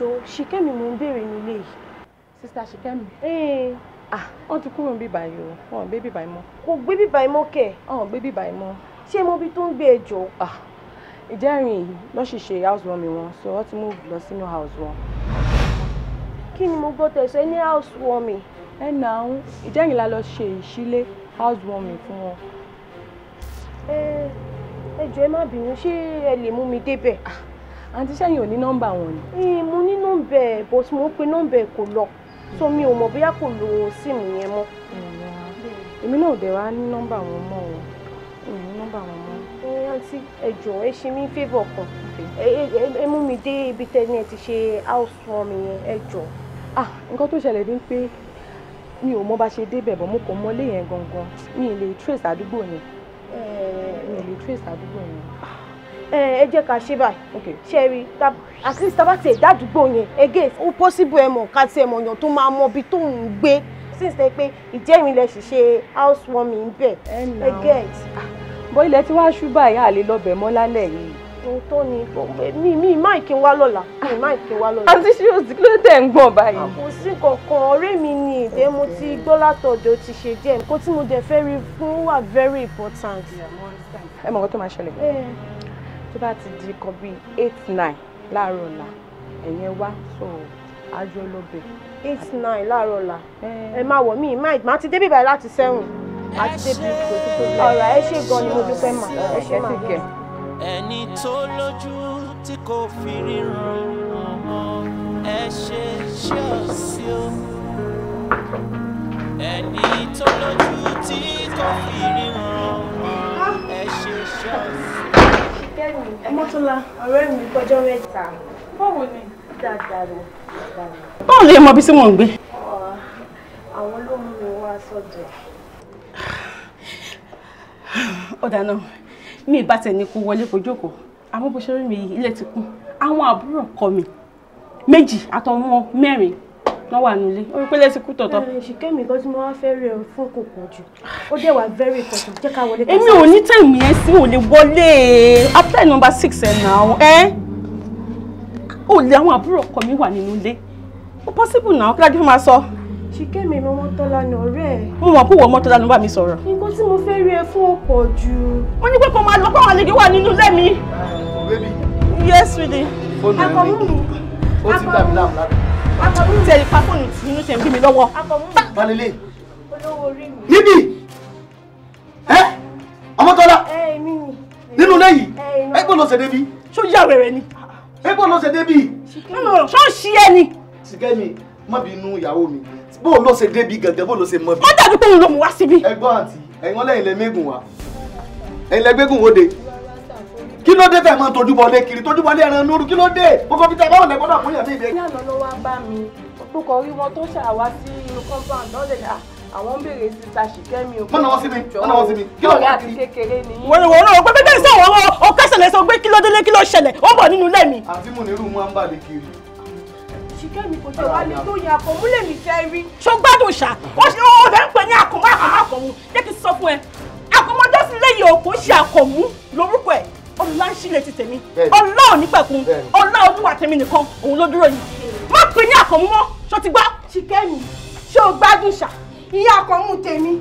jọ ṣìkẹ́mi mò ń béèrè nílé yìí. sista ṣìkẹ́mi. ee eh. ah wọ́n ti kúrò níbí báyìí o wọ́n gbé bíbá yìí mọ́. kò gbé bíbá yìí mọ́ kẹ̀. wọ́n gbé bíbá yìí mọ́. ṣé mo bí tó ń gbé ẹjọ́. ah ìjẹ́rìn lọ́ sì ṣe house warm wọn so wọ́n ti move lọ sínú house wọn. kí ni mo gbọ́ tẹ̀sẹ̀ ní house warm. ẹ nà án ìjẹ́rìn la lọ ṣe ìṣílé house warm fún wọn. ẹ eh, ẹ jọ̀ọ́ ẹ má bínú ṣé ẹ lè mú mi débẹ̀. ah àǹtí sẹ́yìn ò ní nọ́mbà wọn ni. ee mo ní nọ́mbà ẹ̀ but mo pe nọ́mbà ẹ̀ kò lọ so mi ò mọ̀ bóyá kò lo síìmù yẹn mọ́. èmi náà dẹ̀ wá ní nọ́mbà wọn mọ́ o èmi ní nọ́mbà wọn mọ́. ẹ àǹtí ẹ ṣe mí favour kan ẹ mú mi dé ibi tẹ́ni ẹ ti ṣe house form yẹn ẹ ah nǹkan tó ṣẹlẹ̀ ni pé mi ò mọ bá ṣe débẹ̀ bọ̀ mo kò mọ ilé yẹn gangan mi ì lè trace àdúgbò yẹn mi ì lè trace àdúgbò yẹn. Ah, ẹ jẹ́ ká ṣe báyìí ṣẹ́rí at least tábà tẹ̀ dádùgbò yẹn again ó possible ẹ mọ̀ ká tiẹ̀ mọ̀ yàn tó máa mọ ibi tó ń gbé since tẹ pé ìjẹ́rin lẹ ṣì ṣe housewarming bẹ́ẹ̀ ẹ get. bó ilẹ̀ tí wàá ṣú báyìí lè lọ́bẹ̀ mọ́ lálẹ́ yìí. ohun tó ní mi mi má kí n wá lọ́la mi má kí n wá lọ́la. àti ṣé o ti kí ló tẹ̀ ń gbọ̀n báyìí. kò sí kankan ọ̀rẹ́ mi ni ìdè mo ti gbọ́ látọ̀dọ̀ ti ṣe díẹ̀ nǹkan tí mo dẹ̀ fẹ́ rí fún wa very important. ẹ mọ̀ nǹkan tó máa ṣẹlẹ̀ tó bá ti di kan bíi eight nine láàárọ̀ ọ̀la ẹ̀yẹn wá sọ àjọ lọ́bẹ̀. eight nine láàárọ̀ ọ̀la eh. ẹ máa wọ̀ mí má ti débí báyìí láti sẹ́wọ̀n àti débí ìgbòsíkò lẹ́yìn. ọ̀rọ̀ ẹ ṣe gan ni mo dúpẹ́ mà ẹ ṣe mà náà. ẹni tó lójú tí kò fi ríran ẹ ṣe ṣe ọ̀sí o ẹni tó lójú tí kò fi ríran ẹ ṣe ṣe ọ̀sí o. Kẹ́mi. Ọmọ́tọ́lá. Ọ̀rẹ́ mi kọjọ́ mẹ́ta. Báwo ni? Dáadáa lọ. Báwo lè mọ ibi tí mò ń gbé? Àwọn ló mú mi wá sọ́dọ̀. Ó dáná, mi ì bá tẹ̀ ní kó wọlé kó jókòó. Àmọ́ bó ṣe rí mi yìí, ilé ti kún. Àwọn àbúrò kọ mi. Méjì àtọwọ́n mẹ́rin wọ́n wà nílé orí pé lẹ́sìn kú tọ̀tọ̀. ṣìkẹ́mi kan tí mo wá fẹ́ rẹ̀ fún kò pọ̀ jù ó dẹ̀ wà very important jẹ́ ká wọlé. èmi ò ní tẹ̀mí yẹn sí ò lè wọlé apply number six ẹ̀ nà ọ́ ẹ́ ò lè àwọn àbúrò ọkọ mi wà nínú ilé ó possible náà kí lájú fún máa sọ. ṣìkẹ́mi mo mọ tọ́lá ní ọ̀rẹ́ ẹ̀. mo mọ̀ pé wọ́n mọ tọ́lá ló bá mi sọ̀rọ̀. nǹkan tí mo fẹ́ rí ẹ fún ọ̀pọ̀ jù. wọ́n ní pé kó máa lọ kó àlejò wà nínú ilé mi. yes, sweetie. akọ̀mú mi. ó ti dàbí láàmú lára tẹ ìka fóònù inú ṣe ń bí mi lọ́wọ́. balẹ̀lẹ̀ níbi ẹ ọmọtọ́lá nínú lẹ́yìn ẹgbẹ́ ló ṣe débi. ṣó yà wẹ̀rẹ̀ ni. ẹgbẹ́ ló ṣe débi. ṣó ṣí ẹ ni. sìkẹ́mi má bínú ìyàwó mi bó ló ṣe débi gẹ́gẹ́ bó ló ṣe mọ́ bí. wọ́n dàbí pé òun ló mú wá síbí. ẹgbọ́n àǹtí ẹ̀yin ọlẹ́yìn lẹ́mẹ́gùn wa ẹ̀yin lẹ́gbẹ́gùn wóde kí ló dé tẹ̀ mọ́ tojúbọlé kiri tojúbọlé ẹran lóru kí ló dé gbogbo fi tẹ̀ báwọn lẹ́kọ́ náà fún yàn ní ìbẹ́. ní àná ló wá bá mi mo kàn rí wọn tó ṣàwá sí inú compound náà lè ah, àwọn ń béèrè síta ṣìkẹ́mi o. mọ̀nà wọn sí mi mọ̀nà wọn sí mi kí ló wá kiri. kékeré ni. wọ́n wọ́n náà pé bẹ́ẹ̀ sọ̀rọ̀ wọn ọ̀ká ṣẹlẹ̀ sọ pé kí ló délé kí ló ṣẹlẹ̀ ó bọ̀ nínú ilé mi. àǹtí mo nírú máa ń bàlẹ̀ kiri. ṣìkẹ́mi kò tẹ̀ wá ní tó yẹ àpò múlẹ̀ mi fẹ́ rí. ṣó gbádùn ṣá ó ṣe ó bẹ́ẹ̀ ń pè ní àkọ́mọ́ àkọ́mọ́ àkọ́mọ́ jẹ́ kí n sọ fún ẹ àkọ́mọ́jọ́sí lẹ́yìn òkú ṣe àkọ́mú lórúkọ ẹ̀ ọlá ń ṣílẹ̀ ti tèmi ọlá ò ní pẹ̀kun ọlá olúwa tèmi nìkan òun ló dúró yìí má pè ní àkànmú ṣó ti gbọ́. ṣìkẹ́mi ṣé o gbádùn ṣá ìyá àkànmú tèmi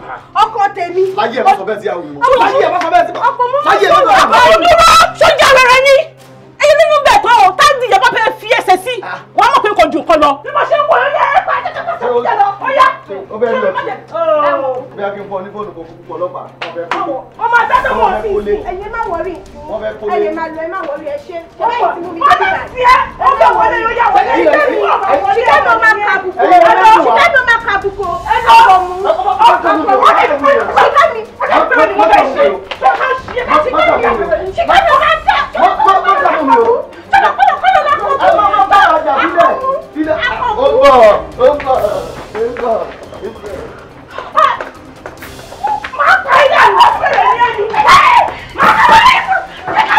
ọkọ tèmi. láyé ẹ̀ bá sọ bẹ́ẹ̀ tí a wù mọ́. láyé ẹ̀ bá sọ bẹ́ẹ̀ tí a wù mọ́. láyé ẹ̀ bá sọ bẹ́ẹ̀ tí a wù ọkọ olúwa ṣọjà rẹ ni ẹyin nínú bẹ̀ tán o tá ìyá bá fi ẹsẹ̀ sí ah. wàá mọ̀ pé kò ju nǹkan lọ. bí mo ṣe ń wọ̀ ọ́ yẹ ẹ pa ẹ̀ ó bẹ́ẹ̀ ní ọtí bí a kì í fọ ní fóònù kò kúkú ọlọ́pàá wọn fẹ́ kó ọmọ tẹ́tọ̀ mọ̀ sí i ẹ̀yin má wọrí wọn fẹ́ kó lé ẹ̀yin má lọ ẹ̀ má wọrí ẹ ṣe ọmọ tí mo mi dé bíbá ẹ má wọlé ló yà wọlé ẹ ṣe ṣiṣẹ́ ló máa ka àbùkù ṣiṣẹ́ ló máa ka àbùkù ẹ lọ bọ̀ mú ọkọ̀ mú ọkọ̀ mú ṣiṣẹ́ mi ọkọ̀ mú ọkọ̀ mú ṣiṣẹ́ mi ọkọ̀ mú ṣiṣẹ́ mi ọkọ̀ mú bọ̀ ó bọ̀ ó bọ̀ ó bọ̀. máa pa iná lọ́sẹ̀rẹ̀ ní ẹ̀jú. máa pa iná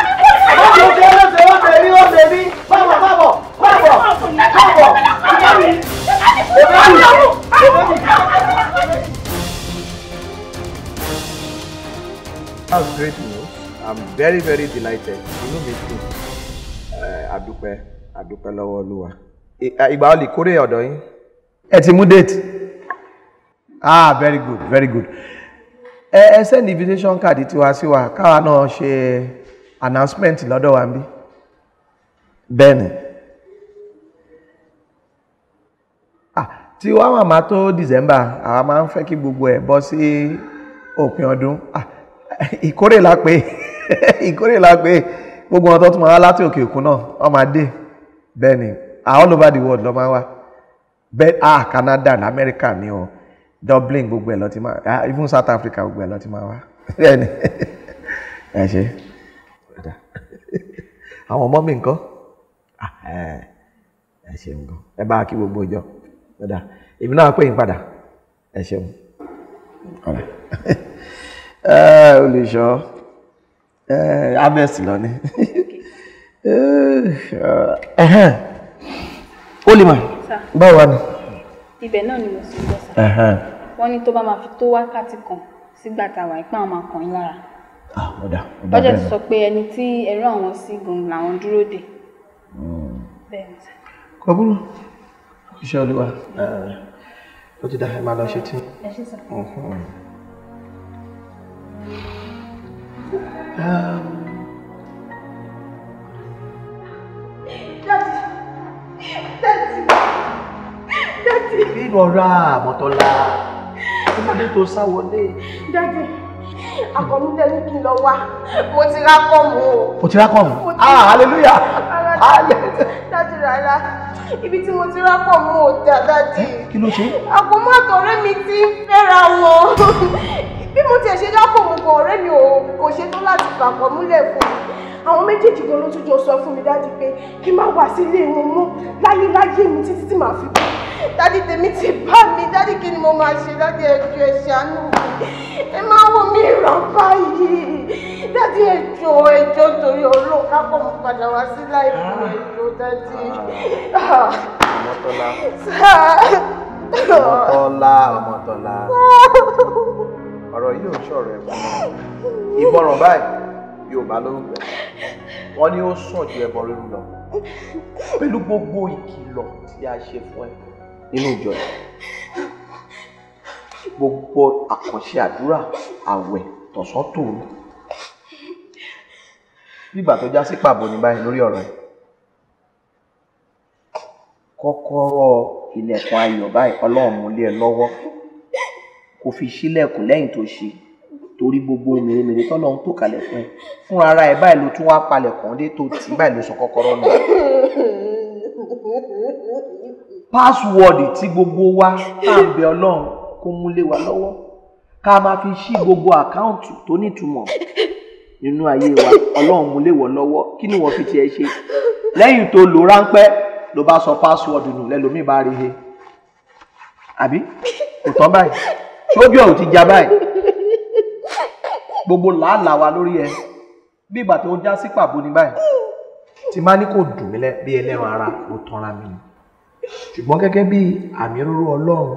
lọ́sẹ̀rẹ̀ ní ẹ̀jú. ó ṣe é ó ṣe é ó ṣe é ní bábọ̀ bábọ̀ bábọ̀ bábọ̀ ìyá mi ìyá mi ìyá mi. That's great news. I'm very very delighted. Inú mi dùn. Uh, Adúpẹ́ Adúpẹ́ lọ́wọ́ Olúwa ìgbà olè kórè ọ̀dọ̀ yín. ẹ ti mú date ah very good very good ẹ ẹ send invitation card tiwa sí wa káwa náà ṣe announcement lọ́dọ̀ wa níbí bẹ́ẹ̀ ni ah tí wàá màmá tó December àwa máa ń fẹ́ kí gbogbo ẹ̀ bọ́ sí òpin ọdún ah ìkórè la pé ìkórè la pé gbogbo wọn tó tún máa wá láti òkè òkun náà ọmọ adé bẹ́ẹ̀ ni all over the world lọ máa wá bẹ́ẹ̀ ah Canada ní America ní o Dublin gbogbo ẹ̀ lọ ti máa ah even South Africa gbogbo ẹ̀ lọ ti máa wá bẹ́ẹ̀ni ẹ ṣe àwọn ọmọ mi nǹkan ah, ẹ ṣeun gan ẹ bá kí gbogbo ìjọ dada èmi náà pè yín padà ẹ ṣeun olùṣọ́ amẹ́sì lọ ni. Olima báwo wá ni. ibẹ̀ náà ni mo sì ń bọ̀ sá. wọ́n ní tó bá máa fi tó wákàtí kan sígbà táwa ìpá àwọn máa kàn yín lára. bọ́jà ah, ti sọ pé ẹni tí ẹ̀rọ àwọn sí gan làwọn dúró dè. Hmm. kò burú iṣẹ́ olúwa ó ti dá ẹ máa lọ ṣe tí. Um... That's Dádì. Rọra Àmọ̀tọ́lá. Kí ló dé tó sá wọlé? Daddy, àkànní tẹ́lẹ̀ kí n lọ wá. Mo ti rá kọ́ọ̀mù o. O ti rá kọ́ọ̀mù? Ah, hallelujah. Daddy rárá. Ibi tí mo ti rá kọ́ọ̀mù ò dá dádì. Kí ló ṣe? Àkọ́mọ́ àtọ̀rẹ́ mi ti ń fẹ́ra wọn bí mo tiẹ̀ ṣe dápò mo kọ ọ̀rẹ́ mi ò kò ṣetó láti fàpọ̀ múlẹ̀ fún mi àwọn méjèèjì gan ló tún jọ sọ fún mi dájú pé kí n má wá sílé wọn mọ́ láyéláyé mi títí tí màá fi kú dádì tèmi ti bá mi dádì kí ni mo máa ṣe dádì ẹjọ́ ẹ ṣàánú mi ẹ máa wọ mi ràn báyìí dádì ẹjọ́ ẹjọ́ torí Ọlọ́run kápọ̀ mo padà wá sí láìpẹ́ ẹjọ́ dádì. ọmọtọ́lá ọmọtọ́lá ọmọtọ́lá ọ̀rọ̀ yìí ò ń ṣọ̀rọ̀ ẹ̀wọ̀n ìgbọràn báyìí yorùbá ló ń pẹ́ wọ́n ní ó sàn ju ẹbọ rírú lọ pẹ̀lú gbogbo ìkìlọ̀ tí a ṣe fún ẹ nínú ìjọ gbogbo àkànṣe àdúrà àwẹ̀ tọ̀sán tòru bígbà tó já sí pàbó ní báyìí lórí ọ̀rọ̀ yìí kọ́kọ́rọ́ ilẹ̀kùn ayọ̀ báyìí ọlọ́run mú lé ẹ lọ́wọ́ kó fi sílẹ̀kùn lẹ́yìn tó ṣe torí gbogbo mèremère tọ́lọ́ ń tò kalẹ̀ fún ẹ fúnra ara ẹ báyìí ló tún wá palẹ̀ kàn dé tó tì í báyìí ló sọ kọ́kọ́rọ́ nù. páṣíwọ́ọ̀dì tí gbogbo wa tá à ń bẹ ọlọ́run kó mú lé wa lọ́wọ́ ká máa fi ṣí gbogbo àkáǹtì tó nítumọ̀ nínú ayé wa ọlọ́run mú lé wọ lọ́wọ́ kí ni wọ́n fi tiẹ̀ ṣe lẹ́yìn tó lò ráńpẹ́ ló bá sọ páṣíwọ́ọ̀dì nù lẹ́lòmíì bá rí he àbí kò tán báyìí sójú ẹ̀ ò ti já báyìí gbogbo làálàá wa lórí ẹ bí ìgbà tó já sí pàbó ni báyìí tí má ní kò dùn mí bí ẹlẹ́ran ara ló tanra mi ṣùgbọ́n gẹ́gẹ́ bí àmì rúrú ọlọ́run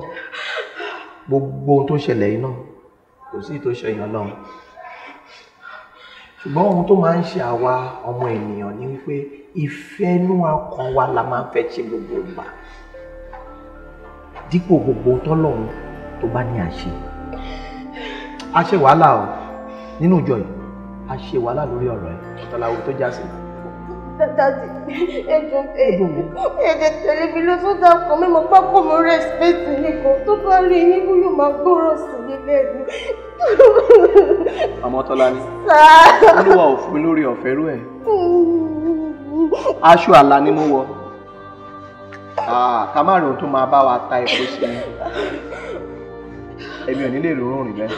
gbogbo ohun tó ṣẹlẹ̀ yìí kò sí tó ṣẹyìn ọlọ́run ṣùgbọ́n ohun tó máa ń ṣe àwa ọmọ ènìyàn ni wípé ìfẹ́ inú ọkàn wa la máa ń fẹ́ ṣe gbogbo ìgbà dípò gbogbo tọ́lọ́run tó bá ní àṣẹ a ṣe wàhálà o nínú ìjọ yìí a ṣe wàhálà lórí ọ̀rọ̀ ẹ̀ tọ́láwo tó já sí. dadi ẹjọ ẹjẹ tẹlẹ mi ló tún dáa kan mímọ pákó mi rẹsipẹtì nìkan tó bá rí i nígbó yóò máa gbọ́rọ̀ sí mi lẹ́nu. ọmọ Tọ́lání olúwa ò fún mi lórí ọ̀fẹ́ rú ẹ̀ aṣọ àlà ni mo wọ̀ ah, ká má ròó tó máa bá wa ta epo sí i èmi ò ní lè rọrùn rìn bẹ́ẹ̀.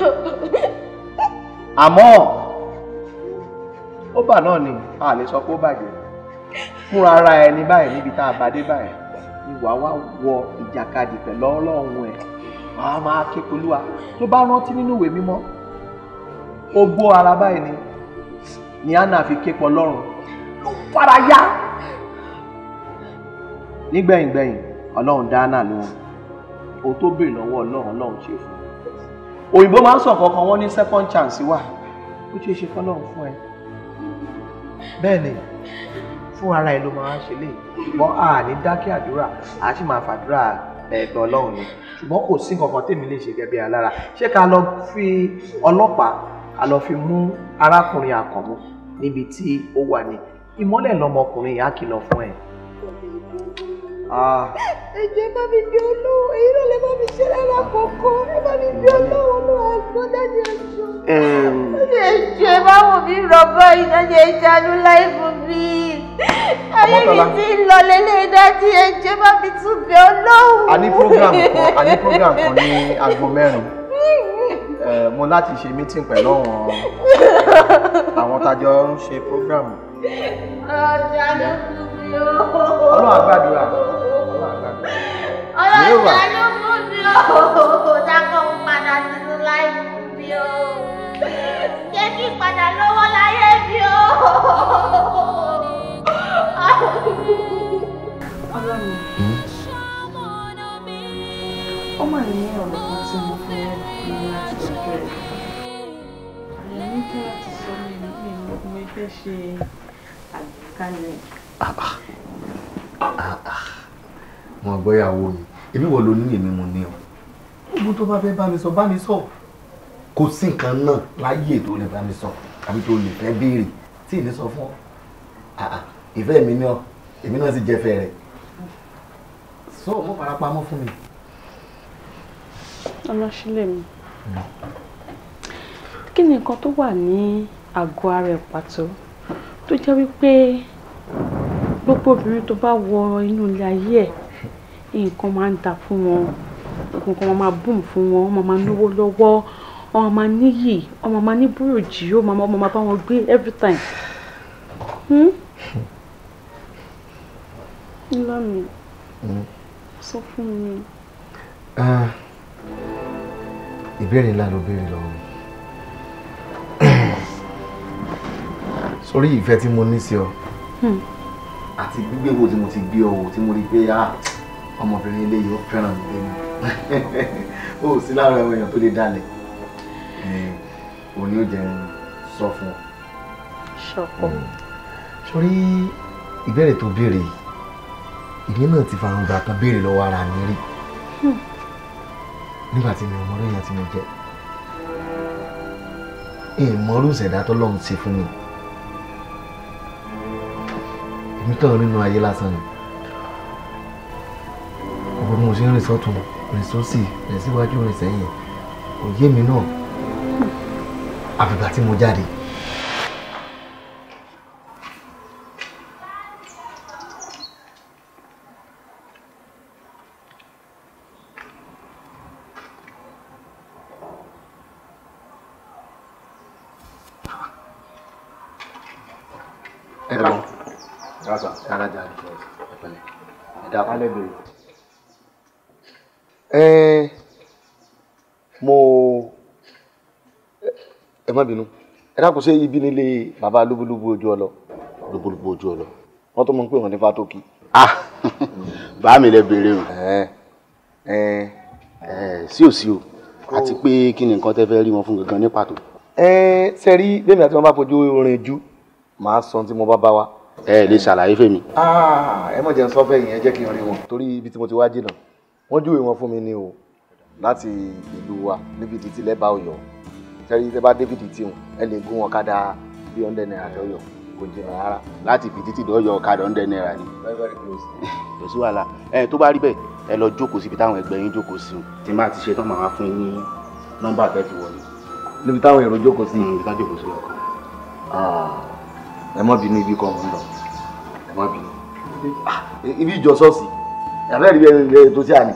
àmọ́ ó bà náà ni a lè sọ pé ó bàjẹ́ fúnra ara ẹni báyìí níbi tá a bá dé báyìí ni wàá wá wọ ìjàkadì pẹ̀lú ọlọ́run ẹ̀ máa máa ké polúwa tó bá rántí nínú ìwé mímọ́ ó gbó ara báyìí ni ni anna fi ké pọ lọ́rùn ló fara yá nígbẹ̀yìngbẹ̀yìn ọlọ́run dá anna lóhùn ohun tó béèrè lọ́wọ́ ọlọ́run ọlọ́run ṣe fún òyìnbó máa ń sọ kankan wọ́n ní second chance wà ó ṣe é ṣe kọ́lọ́ fún ẹ bẹ́ẹ̀ ni fún ara ẹ ló máa ń ṣe lè a ní dákẹ́ àdúrà a sì máa fàdúrà ẹ̀bẹ̀ ọlọ́run ni ṣùgbọ́n kò sí nǹkan kan tèmi lè ṣe gẹ́gẹ́ alára ṣé ká lọ fi ọlọ́pàá ká lọ fi mú arákùnrin àkànmú níbi tí ó wà ní ìmọ́lẹ̀ lọmọkùnrin yìí á kìlọ̀ fún ẹ̀. Ah. ẹ jẹ́ bá mi bí olówó èyí náà lè bá mi ṣe lára kọ̀ọ̀kan ẹ bá mi bí olówó ló wà gbọ́dọ̀ ní ọjọ́. ẹ jẹ́ báwo mi rọ báyìí náà ṣe jáde láì fún mi. ayé mi ti ń lọ lélẹ́yìn dájú ẹ jẹ́ bá mi tún bí olówó. a ní program kan a ní program kan ní aago mẹ́rin mo láti ṣe meeting pẹ̀lú àwọn àwọn tájọ ń ṣe program. ọ̀dà ló kú ọlọ́run àgbàdúrà ọlọ́run àgbàdúrà dákọ̀ ń padà sínú láìpù mi o. Jẹ́ kí padà lọ́wọ́ láyé mi o. Ọlọ́run, ó mà ní ọ̀rọ̀ kan tí mo fẹ́ lọ láti ọjọ́ rẹ̀. Àyà mi kí láti sọ mi ní ìlú mo fẹ́ ṣe àgbékalẹ̀ mo àgbọ́yàwó mi èmi wọ̀ ló ní èmi mo ní o gbogbo tó bá fẹ́ bá mi sọ bá mi sọ kò sí nǹkan náà láyé tó lè bá mi sọ àbí tó lè fẹ́ béèrè tí ìní sọ fún ọ ìfẹ́ mi ni ọ èmi náà sì jẹ́fẹ́ rẹ̀ so mo fara pamọ́ fún mi. ọlọ́sílẹ̀ mi kí ni nǹkan tó wà ní àgọ́ ara ẹ̀ pàtó tó jẹ́ wípé gbogbo obìnrin tó bá wọ inú ilé ayé ẹ̀ nǹkan máa ń da fún wọn nǹkan máa bùn fún wọn wọ́n máa náwó lọ́wọ́ wọ́n máa níyì wọ́n máa ní búròjì ó máa máa bá wọn gbé every time. Hmm? ńlá mi hmm? sọ fún mi. Ah, ìbéèrè ńlá ló béèrè lọ́wọ́ sórí ìfẹ́ tí mo ní sí ọ. Hmm àti gbígbé wo tí mo ti gbé ọwọ́ tí mo rí pé ah, ọmọbìnrin ilé yìí ó fẹ́ràn mi lẹ́nu ó sí lára àwọn èèyàn tó lè dalẹ̀ òun ni ó jẹ sọ fún ọ. ṣọpọ. Mm. sórí ìbéèrè tó béèrè yìí èmi náà ti fara gbà kan béèrè lọ́wọ́ ara mi rí hmm. nígbà tí mi ò mọ lóyún àti mi jẹ èèmọ̀ ló tó lọ́hùn ṣe fún mi èmi kàn nínú ayé lásán ni ọ̀pọ̀ mo ṣe ń rìn sọ́tún rìn sósì rìn síwájú rìn sẹ́yìn òye mi náà àfìgbà tí mo jáde. rasa kálájà ìpínlẹ̀ ẹ̀dá kálẹ̀ bèrè. ẹ mo ẹ má bínú ẹ dákun ṣe ibi nílé bàbá lóbólóbó ojú ọlọ lóbólóbó ojú ọlọ wọn tó mọ pé wọn ní fatoki. Ah, bá mi lẹ bèrè o. ẹ ẹ ẹ sí ò sí o àti pé kí ni nǹkan tẹ́ fẹ́ rí wọn fún gangan ní pàtó. ẹ ṣe rí bẹ́ẹ̀ mi àti wọn bá fojú orin jù màá sọ ohun tí mo bá bá wa ẹ lè ṣàlàyé fèmí. Ah, ẹ mọ̀ jẹ́ ń sọ fẹ́yìn ẹ jẹ́ kí n rí wọn torí ibi tí mo ti wá jìnnà wọ́n júwe wọn fún mi ni o láti ìlú wa níbi títí lẹ́bàá ọ̀yọ́ sẹ́rí tẹ́ bá david tíun ẹ lè gún wọn kádà bí ọ̀ndẹ̀ náírà lọ́yọ̀ kò jìnnà rárá láti fi títí lọ́yọ̀ kádà ọ̀ndẹ̀ náírà ni. kò sí wàhálà ẹ tó bá rí bẹ́ẹ̀ ẹ lọ jókòó síbi táwọn ẹgbẹ́ yín jókòó sí o. tí n bá ti ṣe tán màá fún yín nọ́mbà tẹ́ fi wọlé. níbi táwọn èrò jókòó sí. níbi táwọn jókòó sí ọkọ ẹ má bínú ibi kan mò ń lọ ẹ má bínú. Ah, ibi ìjọ ṣọ́ọ̀ṣì àbẹ́ rí ẹ tó sí àná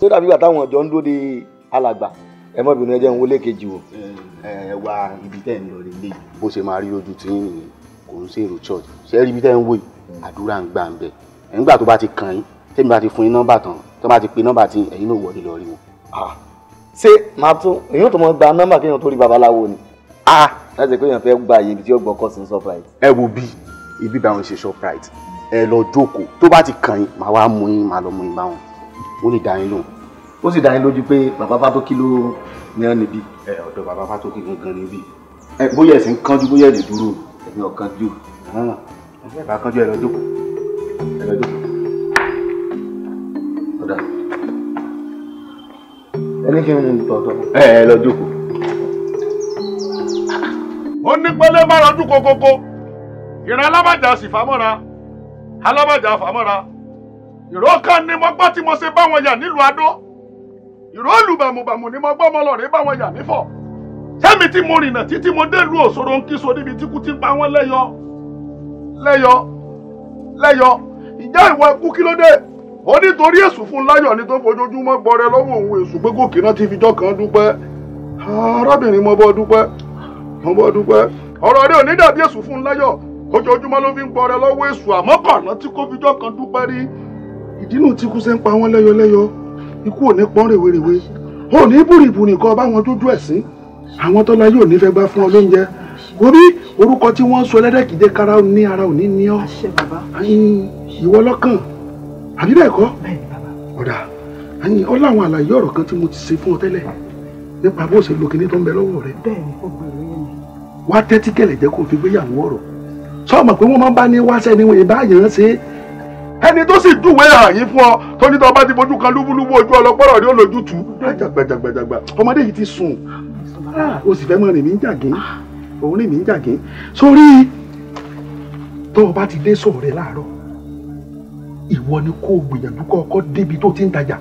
tó dàbí ìgbà táwọn ọ̀jọ́ ń dúró de alàgbà ẹ má bínú ẹ jẹ́ ń wọlé kejì o. ẹ wá ibi tẹ́ ẹ̀ ń lọ rí lé bó ṣe máa rí lójú tí nìyẹn kò ń ṣèrò church ṣe é rí ibi tẹ́ ń wò yìí àdúrà ń gbà ń bẹ̀ nígbà tó bá ti kàn yín tẹ́mi bá ti fún yín nọ́mbà tán tó bá ti pe nọ́mbà tí ẹ̀yin náà wọlé lọ rí wọn. Ah. ṣé màá tún èyí ò tó mọ gba nọ́mbà kéèyàn tó rí babaláwo ni. Ah láti pé èèyàn fẹ́ gba àyè ibi tí ó gbọ́ kọ́sìn shoprite. ẹ wo bí ibi báwọn ṣe shoprite ẹ lọ jókòó tó bá ti kàn yín màá wá mú yín màá lọ mú yín báwọn ó lè dá yín lóhùn. ó sì dá yín lójú pé bàbá Fátókí ló yan níbí. ẹ ọ̀dọ̀ bàbá Fátókí gangan níbí. ẹ bóyá ẹ̀sìn kánjú bóyá ẹ̀dẹ̀ dúró ẹ̀mí ọ̀kan jù. ẹ bá kánjú ẹ lọ jókòó ẹ lọ jókòó. ọ̀dà ẹni kí n tọ̀tọ̀. ẹ ẹ lọ jókòó ó ní pẹ̀lẹ́ má rọjú kokoko ìran alábàjá sì fàmọ́ra alábàjá fàmọ́ra ìró kan ni mo gbọ́ tí mo ṣe báwọn yà nílùú adó ìró olùbàmùbàmù ni mo gbọ́ mo lọ rí báwọn yà nífọ̀ sẹ́mi tí mo rìnà títí mo dé ìlú òṣòro ń kí so níbi tí kú ti pa wọ́n lẹ́yọ lẹ́yọ lẹ́yọ ìjà ìwọ ikú kí ló dé ó nítorí èṣù fún láyọ̀ ni tó fojoojúmọ́ gbọrẹ lọ́wọ́ òun èṣù pé gòkè náà ti fijọ́ kan dúpẹ́ arábìnrin mo bọ́ dúpẹ́ mo bọ́ dúpẹ́. ọ̀rọ̀ rẹ ò ní dàbí èṣù fún un láyọ̀ ojoojúmọ́ ló fi ń gbọ́rẹ lọ́wọ́ èṣù àmọ́ kọ̀ọ̀nà tí kò fi jọ́ kan dúpẹ́ rí. ìdínú tí kú ṣe ń pa wọ́n lẹ́yọlẹ́yọ ikú ò ní pọ́n rèwerèwe ò ní búrìbùrì kan bá wọn dúdú ẹ̀sìn àwọn tọ́lá yóò ní fẹ́ gbá fún ọ lóúnjẹ orí orúkọ tí wọ́n ń sọ ẹlẹ́dẹ̀kìdé kára ní ara ò ní ní ọ́ ìwọ lọ́kàn àbí bẹ́ẹ̀ kọ́ ọ̀dà àyìn ọ láwọn àlàyé ọ̀rọ̀ kan tí mo ti ṣe fún ọ tẹ́lẹ̀ nípa bó ṣe lo kinní tó ń bẹ lọ́wọ́ rẹ. bẹ́ẹ̀ni ó gbèrò e wá tẹ́tí kẹlẹ̀ jẹ́ kó fi gbéyàwó ọ̀rọ̀ sọ́ọ̀mọ̀ pé wọ́n máa ń bá ní wáṣẹ́ ni wọ́n ìbáyé ń ṣe ẹni tó sì dùwé àyín fún ọ tó ní tó bá ti fojú kan lúbúlúbú ojú ọlọ́pọ̀rọ̀ ni ó lójú tù jàgbàjàgbàjàgbà ọmọdé yìí ti sùn ah, ah, o sì fẹ́ mọ rìn mí ń jàgín òun rìn mí ń jàgín sórí tó o bá ti dé sọ̀rọ̀ rẹ láàárọ̀ ìwọ ni kó o gbìyànjú kọ́ ọkọ́ débi tó ti ń tajà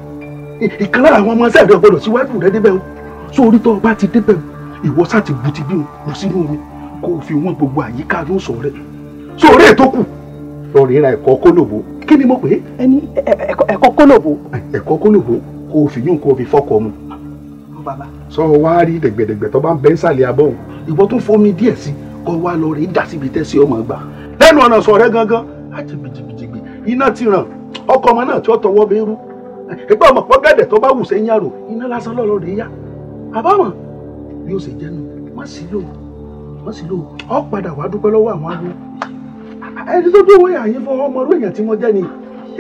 ìkan lára àwọn ọmọ ẹsẹ̀ rẹ gbọdọ̀ síwájú rẹ débẹ̀ o sórí tó o bá ti débẹ̀ o ìwọ sáti bu ti bí wọn lọ sínú omi kó o fi wọn gbogbo àyíká yóò sọ rẹ so orí ètò kù lọ rí ra ẹ̀kọ́ kólòbó kí ni mo pè é. ẹni ẹ̀kọ́ kólòbó. ẹ̀kọ́ kólòbó kó o fi yún kó o fi fọ́kọ mu. sọ wá rí dẹ̀gbẹ̀dẹ̀gbẹ̀ tó bá ń bẹ́ ń sàlẹ̀ abọ́ òun ìwọ tún fọmi díẹ̀ sí kó wá lọ rí dà síbi tẹ́sí ọmọ gbà lẹ́nu ọ̀nà sọ̀rẹ́ gangan láti bìjìbìjìgbì iná ti ràn ọkọ ọmọ náà tí ó tọwọ́ bẹ́ẹ́rú ẹgbẹ́ ọmọ pọ́gẹ́dẹ̀ tó bá wù sẹ́yìn àrò iná lásán lọ́lọ́ rèé yá àbáwọn bí ó ṣe jẹ́ nù má sí lò má sí lò ọ padà wàá dúpẹ́ lọ́wọ́ àwọn awo ẹni tó dúró wáyà yín fún ọmọ orí èèyàn tí mo jẹ́ ni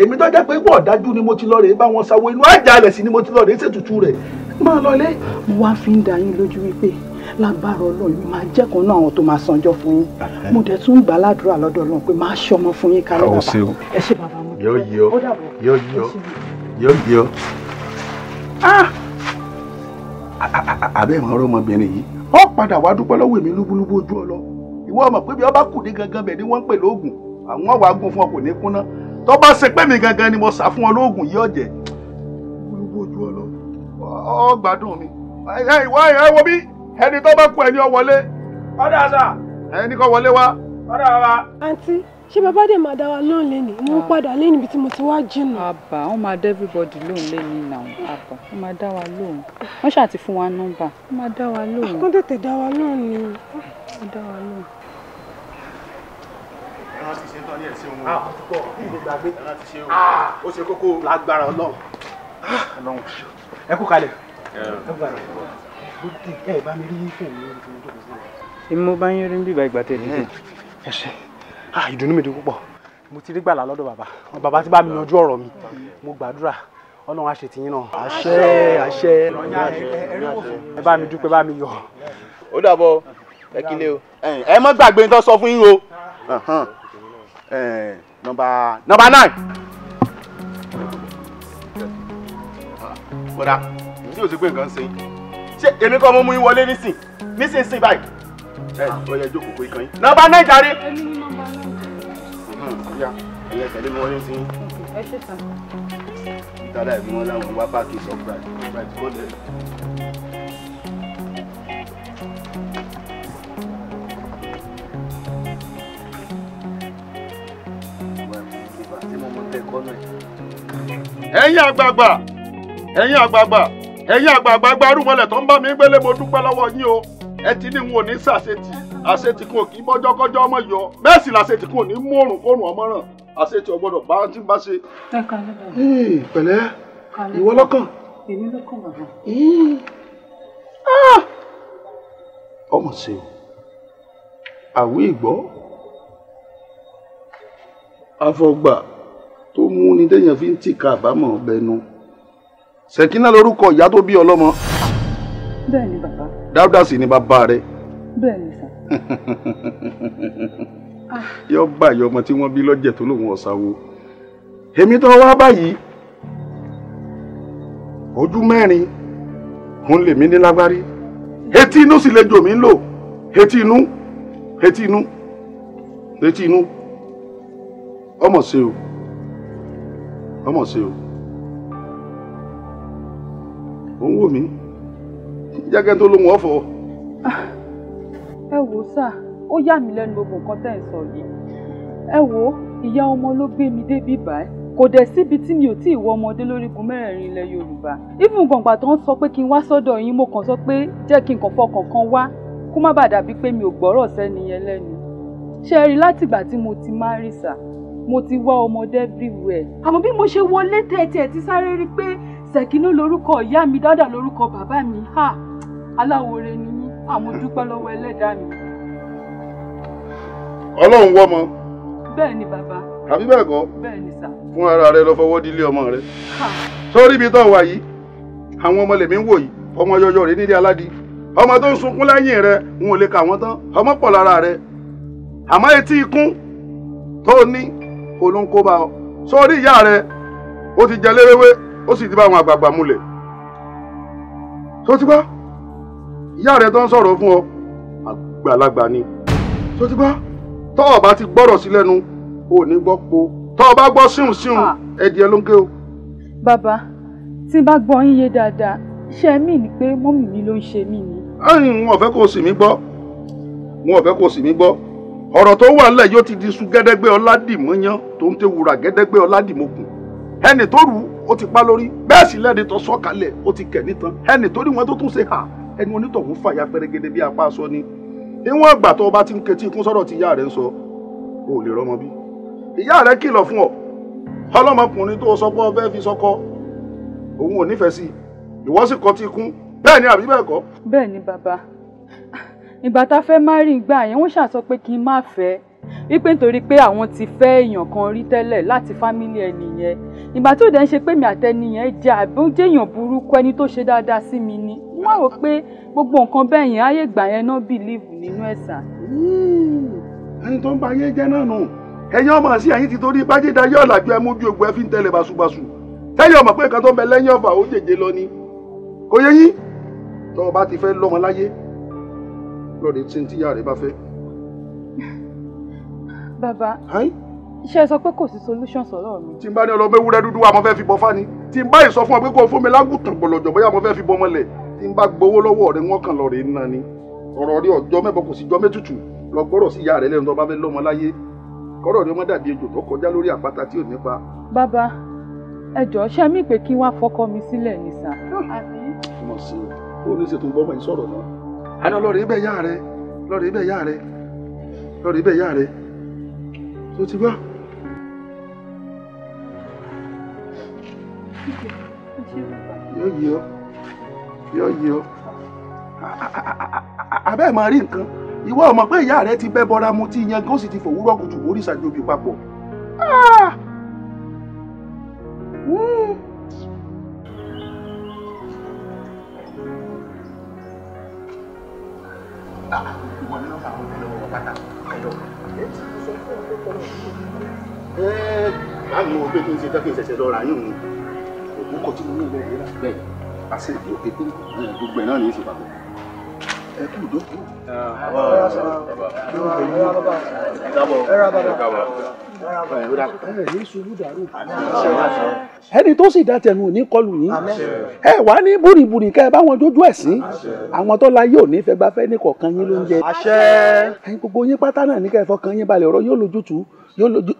èmi tó jẹ́ pé wọ́n dájú ni mo ti lọ rè é bá wọn sáwọ́ inú àjàlẹ̀ sí ni mo ti lọ rè é ṣètùtù rẹ̀ máa lọ ilé. mo wá fi ń dá yín lójú wípé lágbára ọlọ́run máa jẹ́kọ̀ọ́ náà àwọn tó máa sanjọ́ fún yín mo dẹ̀ tún gbà ládùúrà lọ́dọ̀ ọlọ́run pé máa ṣọmọ fún yín kálọ́ bàbá ẹ ṣe bàbá mo dúpẹ́ ó dàbọ̀ yọ yọ yọ ah! yọ. àbẹ́ ìmọ̀ràn ọmọbìnrin yìí ó padà wá dúpẹ́ lọ́wọ́ èmi lúbúlúbú ojú ọ lọ ìwọ ọmọ pé bí ọba kù ní gangan ni wọ́n ń pè lóògùn àwọn wàá fún ọ kò ní tó mi gangan ni mo sà fún ọ lóògùn yìí ọ̀jẹ̀ lúbúlúbú ojú ọ lọ ọ gbádùn mi ìwọ ẹ wo bí ẹni tó ọ wọlé ẹni kọ wọlé àǹtí ṣé bàbá dẹ̀ máa dá wa lóhùn lẹ́nu mo ń ah. padà lẹ́nu ibi tí mo ti wá jìnnà. àbá wọn máa dá everybody lóhùn lẹ́nu náà àbá wọn máa dá wa lóhùn wọn ṣáà ti fún wa nọ́mbà wọn máa dá wa lóhùn. kó tètè dá wa lóhùn ni. wọn dá wa lóhùn. ẹran ti ṣe tán ní ẹ̀sìn òun. àwọn púpọ̀ nígbà gbàgbé. ẹran ti ṣe o ṣe kókó lágbára ọlọ́run. ọlọ́run ẹ kú kalẹ̀. ẹ bá mi rí fún mi. èmi mo bá yín rí bíbá ìgbà tẹ̀lé. Ah, ìdùnnú mi dùn púpọ̀ mo ti rí gbàlà lọ́dọ̀ bàbá bàbá ti bá mi yanjú ọ̀rọ̀ mi mo gbàdúrà ọlọ́run àṣẹ tìyín náà. àṣẹ àṣẹ ẹ bá mi dúpẹ́ bá mi yọ̀. ó dàbọ̀ ẹ kílé o. ẹ mọ́ gbàgbé ń sọ fún yín o. nọ́mbà nọ́mbà nine. bọ́dà tí o ti gbé nǹkan ṣe ṣé èmi kọ́ mo mú yín wọlé nísìn nísìn sìn báyìí. ẹ ọ̀yẹ́ jókòó kó ikan yín. nọ́mbà nine jàre ọ̀yá ẹ̀yẹ tẹ̀lé mi wọlé sí i. ẹ ṣe tán. ìtàdá ẹ̀mí wọn láwọn wá páàkì surprise surprise kọ́lẹ̀. ẹ̀yin àgbààgbà ẹ̀yin àgbààgbà ẹ̀yin àgbààgbà gbárùmọ̀lẹ̀ tó ń bá mi gbélé mo dúpẹ́ lọ́wọ́ yín o ẹ ti ní n ò ní sàṣetì àṣetìkún kì í bọ́jọ́kọ́jọ́ ọmọ yọ bẹ́ẹ̀ sì làṣetìkún ní mòrùn kórùn ọmọ ràn àṣetì ọgbọ́dọ̀ bá ti bá ṣe. pẹ̀lẹ́ ìwọ lọ́kàn. èmi lọ́kàn bàbá. Hmm. Ah! ọmọ ṣe o àwí ìgbọ́ afọgbà tó mú ni déèyàn fi ń tìka àbámọ̀ bẹnu ṣèkínà lórúkọ ìyá tó bí ọlọ́mọ. bẹ́ẹ̀ ni bàbá. dáúdà sì ni bàbá rẹ. bẹ́ẹ̀ ni sà. Ah. yọ báyìí ọmọ tí wọ́n bí lọ́jẹ̀ tó lòun ọ̀sáwó èmi tó wá báyìí ojú mẹ́rin òun lèmi ní lágbárí etí inú sì lejò mi ń lò etí inú etí inú etí inú ọmọ ṣe o ọmọ ṣe o òun wò mí jákẹ́ tó lóhun ọ̀fọ̀. Ah ẹ wò sà ó yà mí lẹ́nu gbogbo nǹkan tẹ́ ẹ̀ sọ yìí ẹ wò ìyá ọmọ ló gbé mi débi báyìí kò dẹ̀ síbi tí mi ò tí ì wọ ọmọdé lórígun mẹ́rẹ̀ẹ̀rin ilẹ̀ yorùbá even gbọ̀ngbà tó ń sọ pé kí n wá sọ́dọ̀ yín mo kàn sọ pé jẹ́ kí n kàn fọkàn kan wá kó má bàa dàbí pé mi ò gbọ́rọ̀ sẹ́ni yẹn lẹ́nu ṣe rí látìgbà tí mo ti má rí sà mo ti wá ọmọdé everywhere. àmọ́ bí mo ṣe wọlé tẹ̀tẹ̀ ti sáré rí pé ṣèkínú lórúkọ ìyá mi dáadáa lórúkọ bàbá mi ha aláwo re ni àmọ́ ah, dúpẹ́ lọ́wọ́ ẹlẹ́dàá mi. ọlọ́run wọ́mọ. bẹ́ẹ̀ ni bàbá. àbí bẹ́ẹ̀ kọ́. bẹ́ẹ̀ ni sà. fún ara rẹ lọ fọwọ́ dílé ọmọ rẹ. sórí ibi tó wà yìí àwọn ọmọ lèmi ń wò yìí ọmọ yọyọ rẹ nílé aládì ọmọ tó ń sunkún lẹ́yìn rẹ n ò lè kà wọ́n tán ọmọ pọ̀ lára rẹ àmọ́ etí ikún tó ní olóńkóbá ọ sórí ìyá rẹ ó ti jẹ lérewé ó sì ti bá àwọn àgbààgbà múlẹ̀ tó ti gbọ́ ìyá rẹ tó ń sọ̀rọ̀ fún ọ àgbàlagbà ni tó ti gbọ́ tọ́ ọ bá ti gbọ́rọ̀ sí lẹ́nu ò ní gbọ́ po tọ́ ọ bá gbọ́ síhùn síhùn ẹ̀dìẹ ló ń ké o. bàbá tí n bá gbọ́ yín yé dáadáa ṣé mi ni pé mọ́mì mi ló ń ṣe mí ni. ẹ̀yin wọn fẹ́ kó o sì mí gbọ́ wọn fẹ́ kó o sì mí gbọ́ ọ̀rọ̀ tó wà nílẹ̀ yóò ti di su gẹ́dẹ́gbẹ́ ọ̀làdìmọ́yán tó ń tẹ wùrà gẹ́dẹ́gbẹ́ ọ̀làdìmọ́kùn ẹnì tó rù ú ó ti pa lórí bẹ́ẹ̀ sì lẹ́ni tó sọ̀kalẹ̀ ó ti kẹ̀ nítan ẹnì tó rí wọn tó tún ṣe hà ẹnu onítọ̀hún fàyà pẹrẹgẹdẹ bí apá aṣọ ni níwọ̀n ìgbà tó o bá ti ń ketí ikún sọ̀rọ̀ tí ìyá rẹ̀ ń sọ o ò lè rọ́mọ bí. ìyá rẹ̀ kìlọ̀ fún ọ ọlọ́mọkùnrin tó o sọ pé o fẹ́ fi sọkọ òun ò nífẹ̀ẹ́ sí ìwọ sì kọ́ tí ikún bẹ́ẹ̀ ni àbí bẹ́ẹ̀ kọ́. bẹ́ẹ̀ ni bàbá ìgbà tá a fẹ́ má rí ìgbà yẹn wọ́n ṣàsọ pé kí n má fẹ́ wípé nítorí pé àwọn ti fẹ́ èèyàn kan rí tẹ́lẹ̀ láti fámílì ẹni yẹn ìgbà tó dẹ̀ ń ṣe pé mi àtẹni yẹn jẹ́ àbójẹ́ èèyàn burúkú ẹni tó ṣe dáadáa sí mi ni wọ́n rò pé gbogbo nǹkan bẹ́ẹ̀ yẹn ayé ìgbà yẹn náà bìlíìfù nínú ẹ̀sà. Hmm. ẹni tó ń ba ayé jẹ́ náà nù ẹ̀yin ọmọ sí ẹ̀yin ti torí bájídáyé ọ̀làjú ẹ mójú ogun ẹ fi ń tẹ̀lé basubasu tẹ́lẹ̀ ọmọ Baba, iṣẹ́ sọ pé kò sí solution sọ̀rọ̀ mi. tí n bá ní ọlọ́bẹ̀ wúrẹ́ dúdú wa mo fẹ́ fi bọ́ fani tí n bá yìí sọ fún ọ pé kò fún mi lágùntàn gbọ̀lọ̀jọ̀ bóyá mo fẹ́ fi bọ́ mọ́lẹ̀ tí n bá gbowó lọ́wọ́ rẹ wọ́n kàn lọ rè é nani. ni ọ̀rọ̀ rí ọjọ́ mẹ́bọ kò sí jọ mẹ́tutù lọ gbọ́rọ̀ sí ìyá rẹ lẹ́nu tó bá fẹ́ lọ́mọ láyé kọ́rọ̀ rí ọmọ dàbí ejò tó kọjá lórí àpáta tí ò ní pa. bàbá ẹ jọ̀ọ́ ṣe mí pé kí wọ́n fọkọ mi sílẹ̀ ní sà. ọmọ sí o ò ní ṣètò bọ́mọ yìí sọ̀rọ̀ náà àná lọ́ọ̀rẹ́ ibẹ̀ yá rẹ lọ́ọ̀rẹ́ ibẹ̀ yá rẹ lọ́ọ̀rẹ́ ibẹ̀ yá rẹ tó ti gbọ́. yóò yí ọ yóò yí ọ abẹ́ máa rí nǹkan ìwọ ọmọ pé ìyá rẹ ti bẹ́ bọ́ra mu tí ìyẹn gan ti fòwúrọ̀ kùtù mórí ìsàjòbí papọ̀. Ah! Hmm. Ah, ìwọ ni báwo ni mo gbé kí n ṣe fẹ́ kí n ṣẹ̀ṣẹ̀ lọ ra yín òun òun kò tí mo ní ìlú ìlú bẹ́ẹ̀ àṣẹ ìlú òkèké gbogbo ẹ̀ náà ní í ṣe pàtó ẹ kú ìdókòwò. ẹni tó sì dá tẹnu ò ní kọlù yín ẹ wà ní búrìbúrì kẹ báwọn jójú ẹ̀sìn àwọn tó la yóò ní fẹgbafẹ ní kọ̀ọ̀kan yín ló ń jẹ. àṣẹ. ẹ̀yin gbogbo yín pátá náà ní kẹfọ kan yín balẹ̀ ọ̀rọ̀ yóò lójútùú yóò lójú.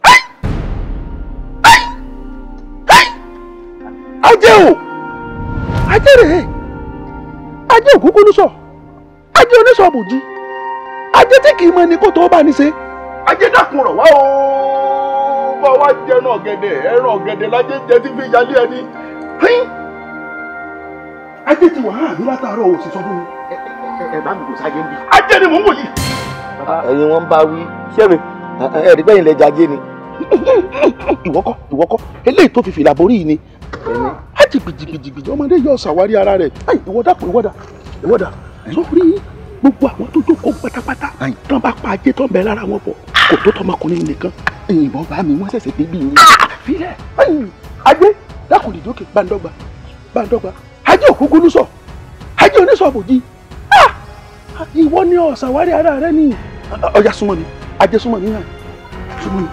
ajé o ajé rèé ajé òkúkú níṣọ ajé oníṣọ bòjì ajé tí kìí mọ ẹni kó tó bá ní ṣe. ajé dákun rọ̀ wá o bá wa jẹran ọ̀gẹ̀dẹ̀ ẹran ọ̀gẹ̀dẹ̀ lájẹ jẹ tí fi yálé ẹni. ajé ti wà á rí látàárọ̀ o sì sọ fún mi. ẹ bá mi kò sáyé ń bí. ajé ni mò ń wò yìí. ẹ̀yin wọn bá wí ṣẹ́mi ẹ̀rí gbẹ̀yìn lẹ́jà ajé ni. ìwọ́kọ́ ìwọ́kọ́ eléyìí tó fi fìlà borí yìí ni jìgìjìgìjì ọmọdé yóò ṣàwárí ara rẹ̀ ayi ìwọ́dà kò ìwọ́dà ìwọ́dà lórí gbogbo àwọn tó jókòó pátápátá tán bá pa ajé tán bẹ lára wọn bọ̀ kò tó tọmọkùnrin nìkan. ìbọn bá mi wọn ṣẹ̀ṣẹ̀ débi mi. Ah, ah, filẹ ajé dákùnrin dókè gbàǹdọgba gbàǹdọgba ajé òkúkú lùsọ ajé oníṣọbòjì ah, ìwọ ni ọ̀sàwárí ara rẹ ni ọjà súnmọ́ ni ajé súnmọ́ ni náà súnmọ́ ni.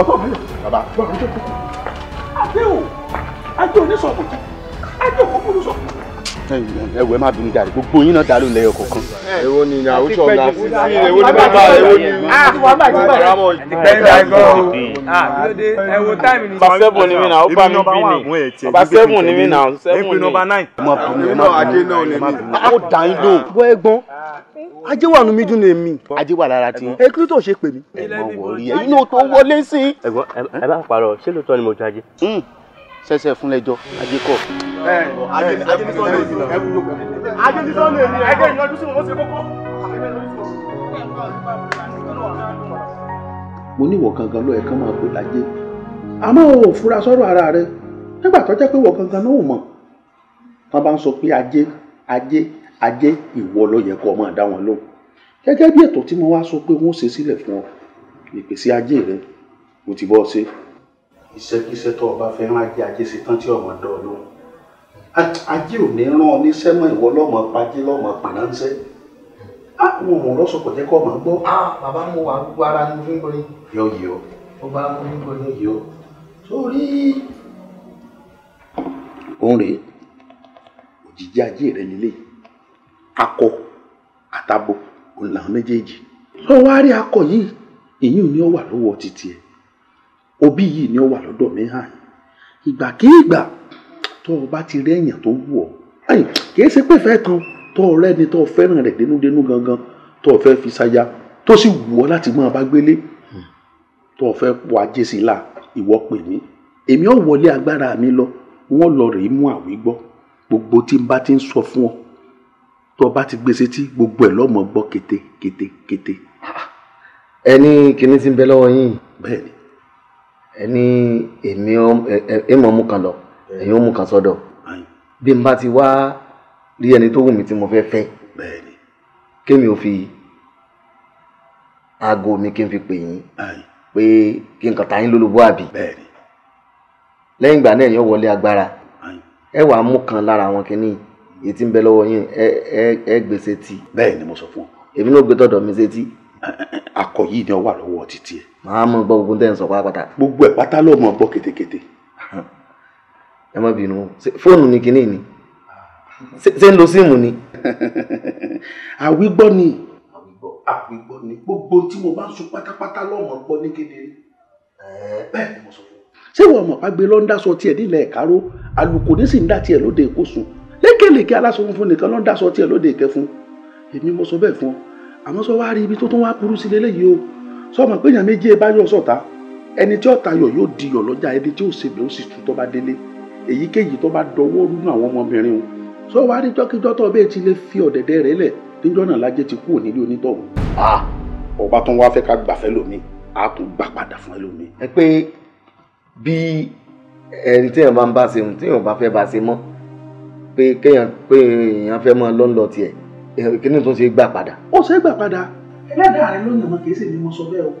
ọkọ mi bàbá bàbá ọjọ́ kúkú. àbẹ́wò ajé oníṣọ̀kùn jẹ ajé òkúkú ló sọ̀kùn. ẹwẹ má bínú jàre gbogbo yín náà dàrú lẹ́yọ kọ̀ọ̀kan. èwo ni ìyàwó sọ ọ̀la fún mi èwo ni bàbá èwo ni ìgbàlámọ ìgbàlámọ. ẹwo táìmì ni. bàbá sẹ́fù ni mí náà ó bá mi bí ni bàbá sẹ́fù ni mí náà sẹ́fù ni. má bínú má bínú ó dà í lò. bọ́ ẹ̀gbọ́n ajé wà nù mí dùn ní mi. ajé wà lára tí. ekiri tó ṣe pè mí. ẹ̀gbọ́n wọlé ẹ̀yin náà tó wọlé sí. ẹ̀gbọ́n ẹ bá pàrọ̀ ṣé lóòótọ́ ni mo jọ ajé. Hmm ṣẹ̀ṣẹ̀ fún lẹ́jọ́ ajékọ̀. ajéjúsọ lè ní ẹgbẹ́ ìyọjú sí wọn ó ṣe kókó. mo ní ìwọ gangan ló ẹ̀kan máa pè lájẹ́ àmọ́ o ò fura sọ́rọ̀ ara rẹ nígbà tó jẹ́ pé ìwọ gangan náà ò mọ̀ tán bá ń sọ pé ajé ajé ajé ìwọ ló yẹ kó o máa dá wọn lóhùn gẹ́gẹ́ bí ètò tí mo wá sọ pé wọ́n ṣe sílẹ̀ fún ọ ìpèsè ajé rẹ mo ti bọ́ ọ ṣe iṣẹ́kíṣẹ́ tó o bá fẹ́ rán ajé ajé ṣe tán tí ọmọ dán ọ lóhùn ajé ò ní rán ọ níṣẹ́ mọ́ ìwọ lọ́mọ pajé lọ́mọ pàránṣẹ́ àwọn ọmọ ọlọ́sọ kò jẹ́ kó ọmọ gbọ́. bàbá mo wà gbogbo ara ni mo fi ń gbọ́ yín. yọ yọ. mo bá mo fi ń gbọ́ yín. yọ sórí. òun rèé òjijì ajé rẹ nílé akọ àtabo òun méjèèjì. lọ́wọ́ á akọ yìí èyí ò ní ọ wà lọ́wọ́ títí ẹ̀ òbí yìí ni ó wà lọ́dọ̀ mi hàn ìgbàkigbà tó o bá ti rí èèyàn tó wù ọ́ kìí ṣe pé fẹ́ kan tó o rẹ́ni tó o fẹ́ràn rẹ̀ dénúdénú gangan tó o fẹ́ fi ṣaya tó sì wù ọ́ láti máa bá gbélé hmm. tó o fẹ́ wá jẹ́ sí la ìwọ pè mí èmi ò wọlé agbára mi lọ wọ́n lọ rèé mú àwí gbọ́ gbogbo tí n bá ti ń sọ fún ọ tó o bá ti gbèsè e tí gbogbo ẹ̀ lọ́mọ gbọ́ kété kété kété. ẹni kìíní ti ń bẹ lọ́wọ́ yín. bẹ́ẹ̀ni ẹni èmi ẹmọ mú kan lọ ẹ̀yin ó mú kan sọ́dọ̀ bí n bá ti wá rí ẹni tó wù mí tí mo fẹ́ fẹ́ kémi ò fi aago mi kí n fi pè yín pé kí n kàn ta lólobó àbí lẹ́yìn ìgbà náà ẹ̀yin wọlé agbára ẹ wàá mú kan lára àwọn kìíní èyí tí ń bẹ lọ́wọ́ yín ẹ ẹ gbèsè tí. bẹ́ẹ̀ ni mo sọ fún ọ. èmi ló gbé tọ̀dọ̀ mi sétí. akọ yìí ni ó wà lọ́wọ́ títí ẹ màá mọ gbọ́ gbogbo tẹ́ ń sọ pátápátá. gbogbo ẹ̀ pátá ló mọ̀ gbọ́ kétékété. ẹ má bínú fóònù ni kinní ni ṣé ń lo síìmù ni. àwígbọ́ ni àwígbọ́ ni gbogbo tí mo bá ń sọ pátápátá ló mọ̀ gbọ́ ní kedere. bẹ́ẹ̀ ni mo sọ fún un. ṣé ìwọ ọmọ bá gbé lọ́ńdà sọ tiẹ̀ nílẹ̀ ẹ̀káró àlùkò ní sì ń dà tiẹ̀ lóde èkó sùn lékelèké aláṣọ funfun nìkan lọ́ńdà sọ tiẹ̀ lóde èké èmi mo sọ bẹ́ẹ̀ fún ọ àmọ́ sọ wá rí ibi tó tún wá burú sí lélẹ́yìí o sọmọ pé èèyàn méjì bá yọ sọ̀tá ẹni tí ọ̀tá yọ yóò di yọ lọ́jà ẹni tí ó ṣe bẹ́ẹ̀ ó sì tún tó bá délé èyíkéyìí tó bá dọwọ́ rú àwọn ọmọbìnrin o sọ wá rí jọ́kíjọ́ tó bẹ́ẹ̀ ti lè fi ọ̀dẹ̀dẹ̀ rẹ̀ lẹ̀ níjọ́ náà lájẹ́ ti kúrò nílé onítọ̀hún. ọba tó ń wá fẹ́ ká gbà lómi a tún gbà padà fún ẹlòmí. ẹ pé bí ẹni téèyàn bá ń bá ṣe téèyàn bá fẹ́ bá fẹ́ mọ́ lọ́nlọ́ ṣe gbà ẹlẹ́dàá rẹ ló yàn mọ́ kì í sì ní mo sọ bẹ́ẹ̀ o.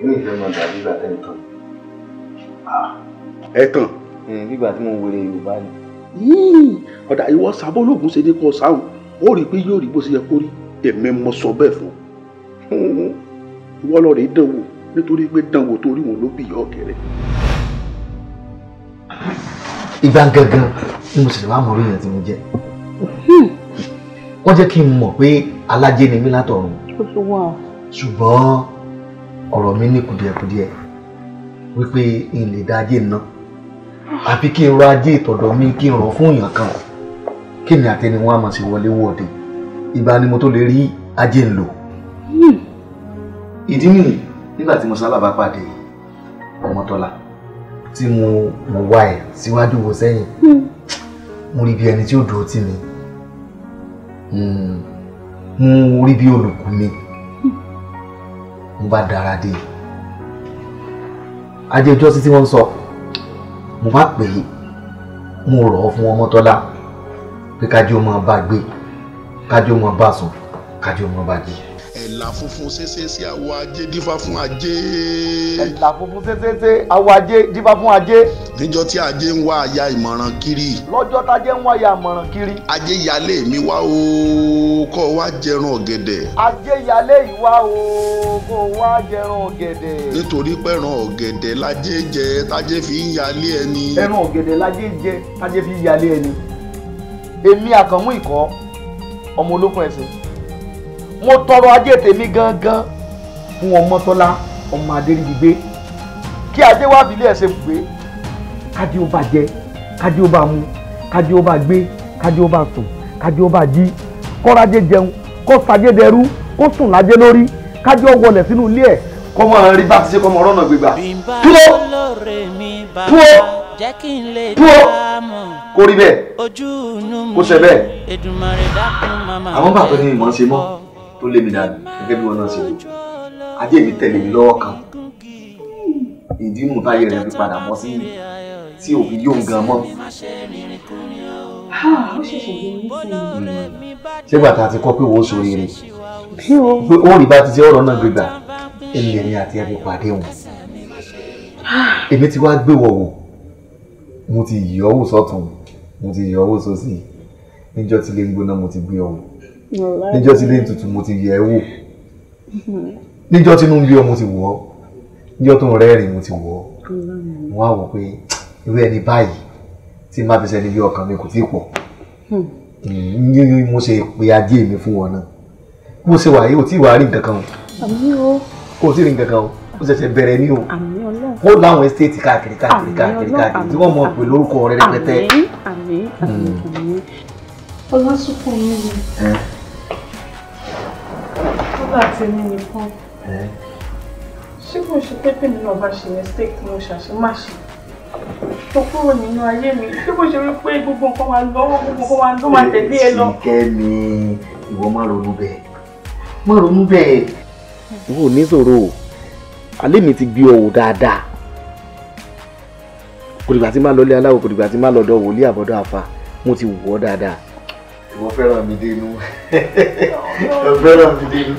inú ìfẹ́ máa dà bí bàtà ẹ̀tàn. ẹ̀tàn. bígbà tí mo ń wèrè yorùbá ni. ọ̀dà ìwọ sábọ́ olóògùn ṣe ní kọ́ sáhùn ó rí i pé yóò rí bó ṣe yẹ kó rí èmi mo sọ bẹ́ẹ̀ fún un. ìwọ lọ rèé dánwò nítorí pé dánwò torí wọn ló bì yọ ọ̀kẹ́rẹ́. ìgbà gangan ni mo sì wá mọ̀ orí tí mo jẹ́ hmm. wọ́n jẹ́ kí n mọ̀ pé alájẹ́ ni mí látọ̀run pé ṣó wà. ṣùgbọ́n ọ̀rọ̀ mi ní kùdìẹ̀kùdìẹ̀ wípé n lè da ajé ná àbí kí n rọ ajé ìtọ̀dọ̀ mi kí n rọ̀ fún èèyàn kan kí ni àtẹni wọn á máa ṣe wọlé wọ̀de ìgbà ni mo tó lè rí ajé ń lò. Hmm. ìdí nìyí nígbà tí mo sálábà pàdé ọmọtọ́lá tí mo mo wá ẹ̀ síwájú wo sẹ́yìn hmm. mo rí bí ẹni tí ó dúró tì mí. Hmm mo rí bí olùkú ni mo bá dára dé ajé ọjọ́ sí tí wọ́n ń sọ mo bá pè é mo rọ̀ ọ́ fún Ọmọ́tọ́lá pé kájọ́ máa bá gbé kájọ́ máa bá sùn kájọ́ máa bá jẹ ẹ̀là funfun ṣeéṣeéṣe àwọ̀ ajé dífá fún ajé. ẹ̀là funfun ṣeéṣeéṣe àwọ̀ ajé dífá fún ajé. níjọ́ tí ajé ń wá aya ìmọ̀ràn kiri. lọ́jọ́ tajé ń wá aya ìmọ̀ràn kiri. ajé yálé mi wá o kó o wá jẹran ọ̀gẹ̀dẹ̀. ajé yálé yìí wá o kó o wá jẹran ọ̀gẹ̀dẹ̀. nítorí pẹ̀ràn ọ̀gẹ̀dẹ̀ lajé jẹ tajé fi ń yálé ẹni. ẹran ọ̀gẹ̀dẹ̀ lajé jẹ tajé fi ń yálé ẹni. èmi àkànmú ìkọ́ ọmọ olókùn ẹ̀sìn mo tọrọ ajé tèmi gangan fún ọmọtọ́lá ọmọ adéríbigbé kí ajé wá bílé ẹ̀ ṣe pé kádé ó bá jẹ kádé ó bá mu kádé ó bá gbé kádé ó bá sùn kádé ó bá jí kọ́rajé jẹun kó fagé dẹrú kó sùn lájé lórí kádé ó wọlé sínú ilé ẹ̀ kọ́ máa rí bá ti ṣe kọ́ máa rọ́nà gbégbá dúró dúró dúró kó bẹ́ẹ̀ kó ṣe bẹ́ẹ̀ àwọn bàbá mi mọ̀ ṣe mọ́ tó lé mi dànù gẹ́gẹ́ bí wọn náà ṣe wò ajé mi tẹ̀lé mi lọ́wọ́ kan ìdí mú táyé rẹ̀ fi padà mọ́ sí tí òbí yóò ń gan mọ́. Ah, ṣé bàtà ti kọ́ pé wo sóríire pé ó rí bá ti ṣe ọ̀rọ̀ náà gbégbà èmi ẹ̀yìn àti ẹ̀mí pàdé wọn ah. èmi ti wá gbé wọ̀ wò mo ti yọ̀ ọ́ wò sọ́tún mo ti yọ̀ ọ́ wò sósì níjọ́ tí lè ń gbóná mo ti gbé ọ wò níjọ́ tí lẹ́yìn tuntun mo ti yẹ̀ ẹ́ wò níjọ́ tí inú ń bí ọ mo ti wọ̀ ọ́ níjọ́ tó ń rẹ́rìn mo ti wọ̀ ọ́ hmm. wọ́n á wò pé irú ẹni báyìí tí má fi sẹ́ni bí ọkàn mi kò tí pọ̀ hmm. ní mo ṣe pe ajé mi fún wọn náà bó ṣe wà yìí ò tí ì wá rí nǹkan kan o kò tí ì rí nǹkan kan o ó ṣẹ̀ṣẹ̀ bẹ̀rẹ̀ ní o ó láwọn ẹ́stéètì káàkiri káàkiri káàkiri tí wọ́n mọ̀ pé lórúkọ rẹ̀ rẹpẹtẹ. Hmm. ọlọ́sùnkún mi ni dọ́là ti ní nìkan ṣé kò ṣe pé bẹ́ẹ̀ náà bá ṣe mistake tí mo ṣàṣemáṣe tó kúrò nínú ayé mi ṣé kò ṣe wípé gbogbo nǹkan wa lọ́wọ́ gbogbo nǹkan wa ló máa tẹ̀lé ẹ lọ. kẹ́mi ìwọ má ronú bẹ́ẹ̀ má ronú bẹ́ẹ̀. wo níṣòro alẹ́ mi ti gbé ọ wò dáadáa kò dìgbà tí má lọ ilé aláwọ̀ kò dìgbà tí má lọ dọ̀ wòlíì àbọ̀dọ̀ àfa mo ti wò ó dáadáa. ìwọ fẹ́ràn mi dénú ẹ fẹ́ràn mi dénú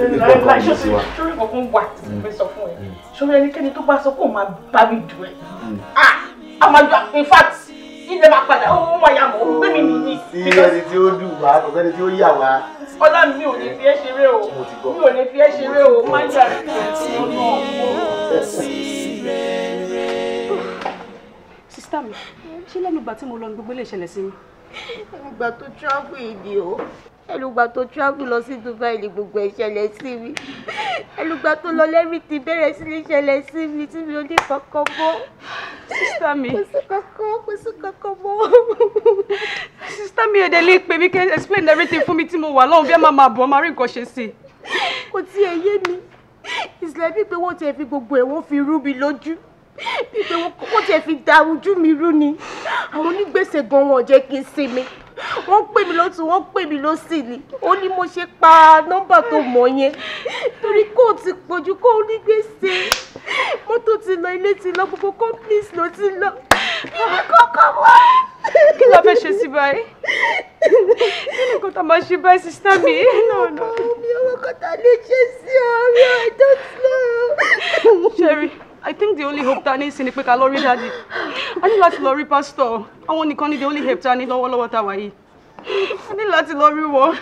lẹ́nu láì ṣe sórí kankan wà tí mo sọ fún ẹ sórí mm. ẹnikẹ́ni tó bá sọ pé máa bá mi dùn ẹ mm. ah àmàjọ in fact ilẹ̀ máa padà ó mọ ìyá mọ̀ ó gbé mi nìyí. sí ẹni tí ó dùn wá kò tí ó yà wá. ọlá mi ò ní fi ẹ́ ṣeré o mi ò ní fi ẹ́ ṣeré o má jà sí sísítà mi ṣé lẹ́nu ìgbà tí mo lọ ní gbogbo ilé ìṣẹ̀lẹ̀ sí mi. ìgbà tó travel ìdí o ẹlùgbà tó travel lọ sí Dubai ni gbogbo ìṣẹ̀lẹ̀ sí mi ẹlùgbà tó lọ lẹ́rìí ti bẹ̀rẹ̀ sí ní ìṣẹ̀lẹ̀ sí mi tí mi ò ní kankan mọ́. sísá mi kò sí kankan kò sí kankan mọ́. sísá mi èdè lè pè mí kí ẹ explain everything fún mi tí mo wà lọ́hùn bí ẹ máa máa bọ̀ máa rí nǹkan ṣe sí i. kò tiẹ̀ yé mi ìsìlẹ̀ bíi pé wọ́n ti fi gbogbo ẹ̀ wọ́n fi rú mi lójú bí pé wọ́n tiẹ̀ fi da ojú mi rú ni àwọn onígbèsè gan wọn jẹ́ kí n sinmi wọ́n pè mí lọ́tún wọ́n pè mí lọ́sì ni ó ní mo ṣe pa nọ́mbà tó mọ̀ yẹn torí kó o ti pọ̀jù kó o ní gbèsè mọ́tò ti lọ ilé ti lọ gbogbo complice ló ti lọ ibi kọ́kọ́ wá. kí la fẹ́ ṣe sí báyìí kí ni kòtà máa ṣe báyìí sísá mi. ọmọ mi ọmọ kọta lè ṣe sí ọ mi I don't know. Sherry. I think the only hope ta ní sí ni pé ká lọ rí dáàdì. A ní láti lọ rí pásítọ̀. Àwọn nìkan ni the only hope ta ní lọ́wọ́lọ́wọ́ ta wà yìí. A ní láti lọ rí wọn.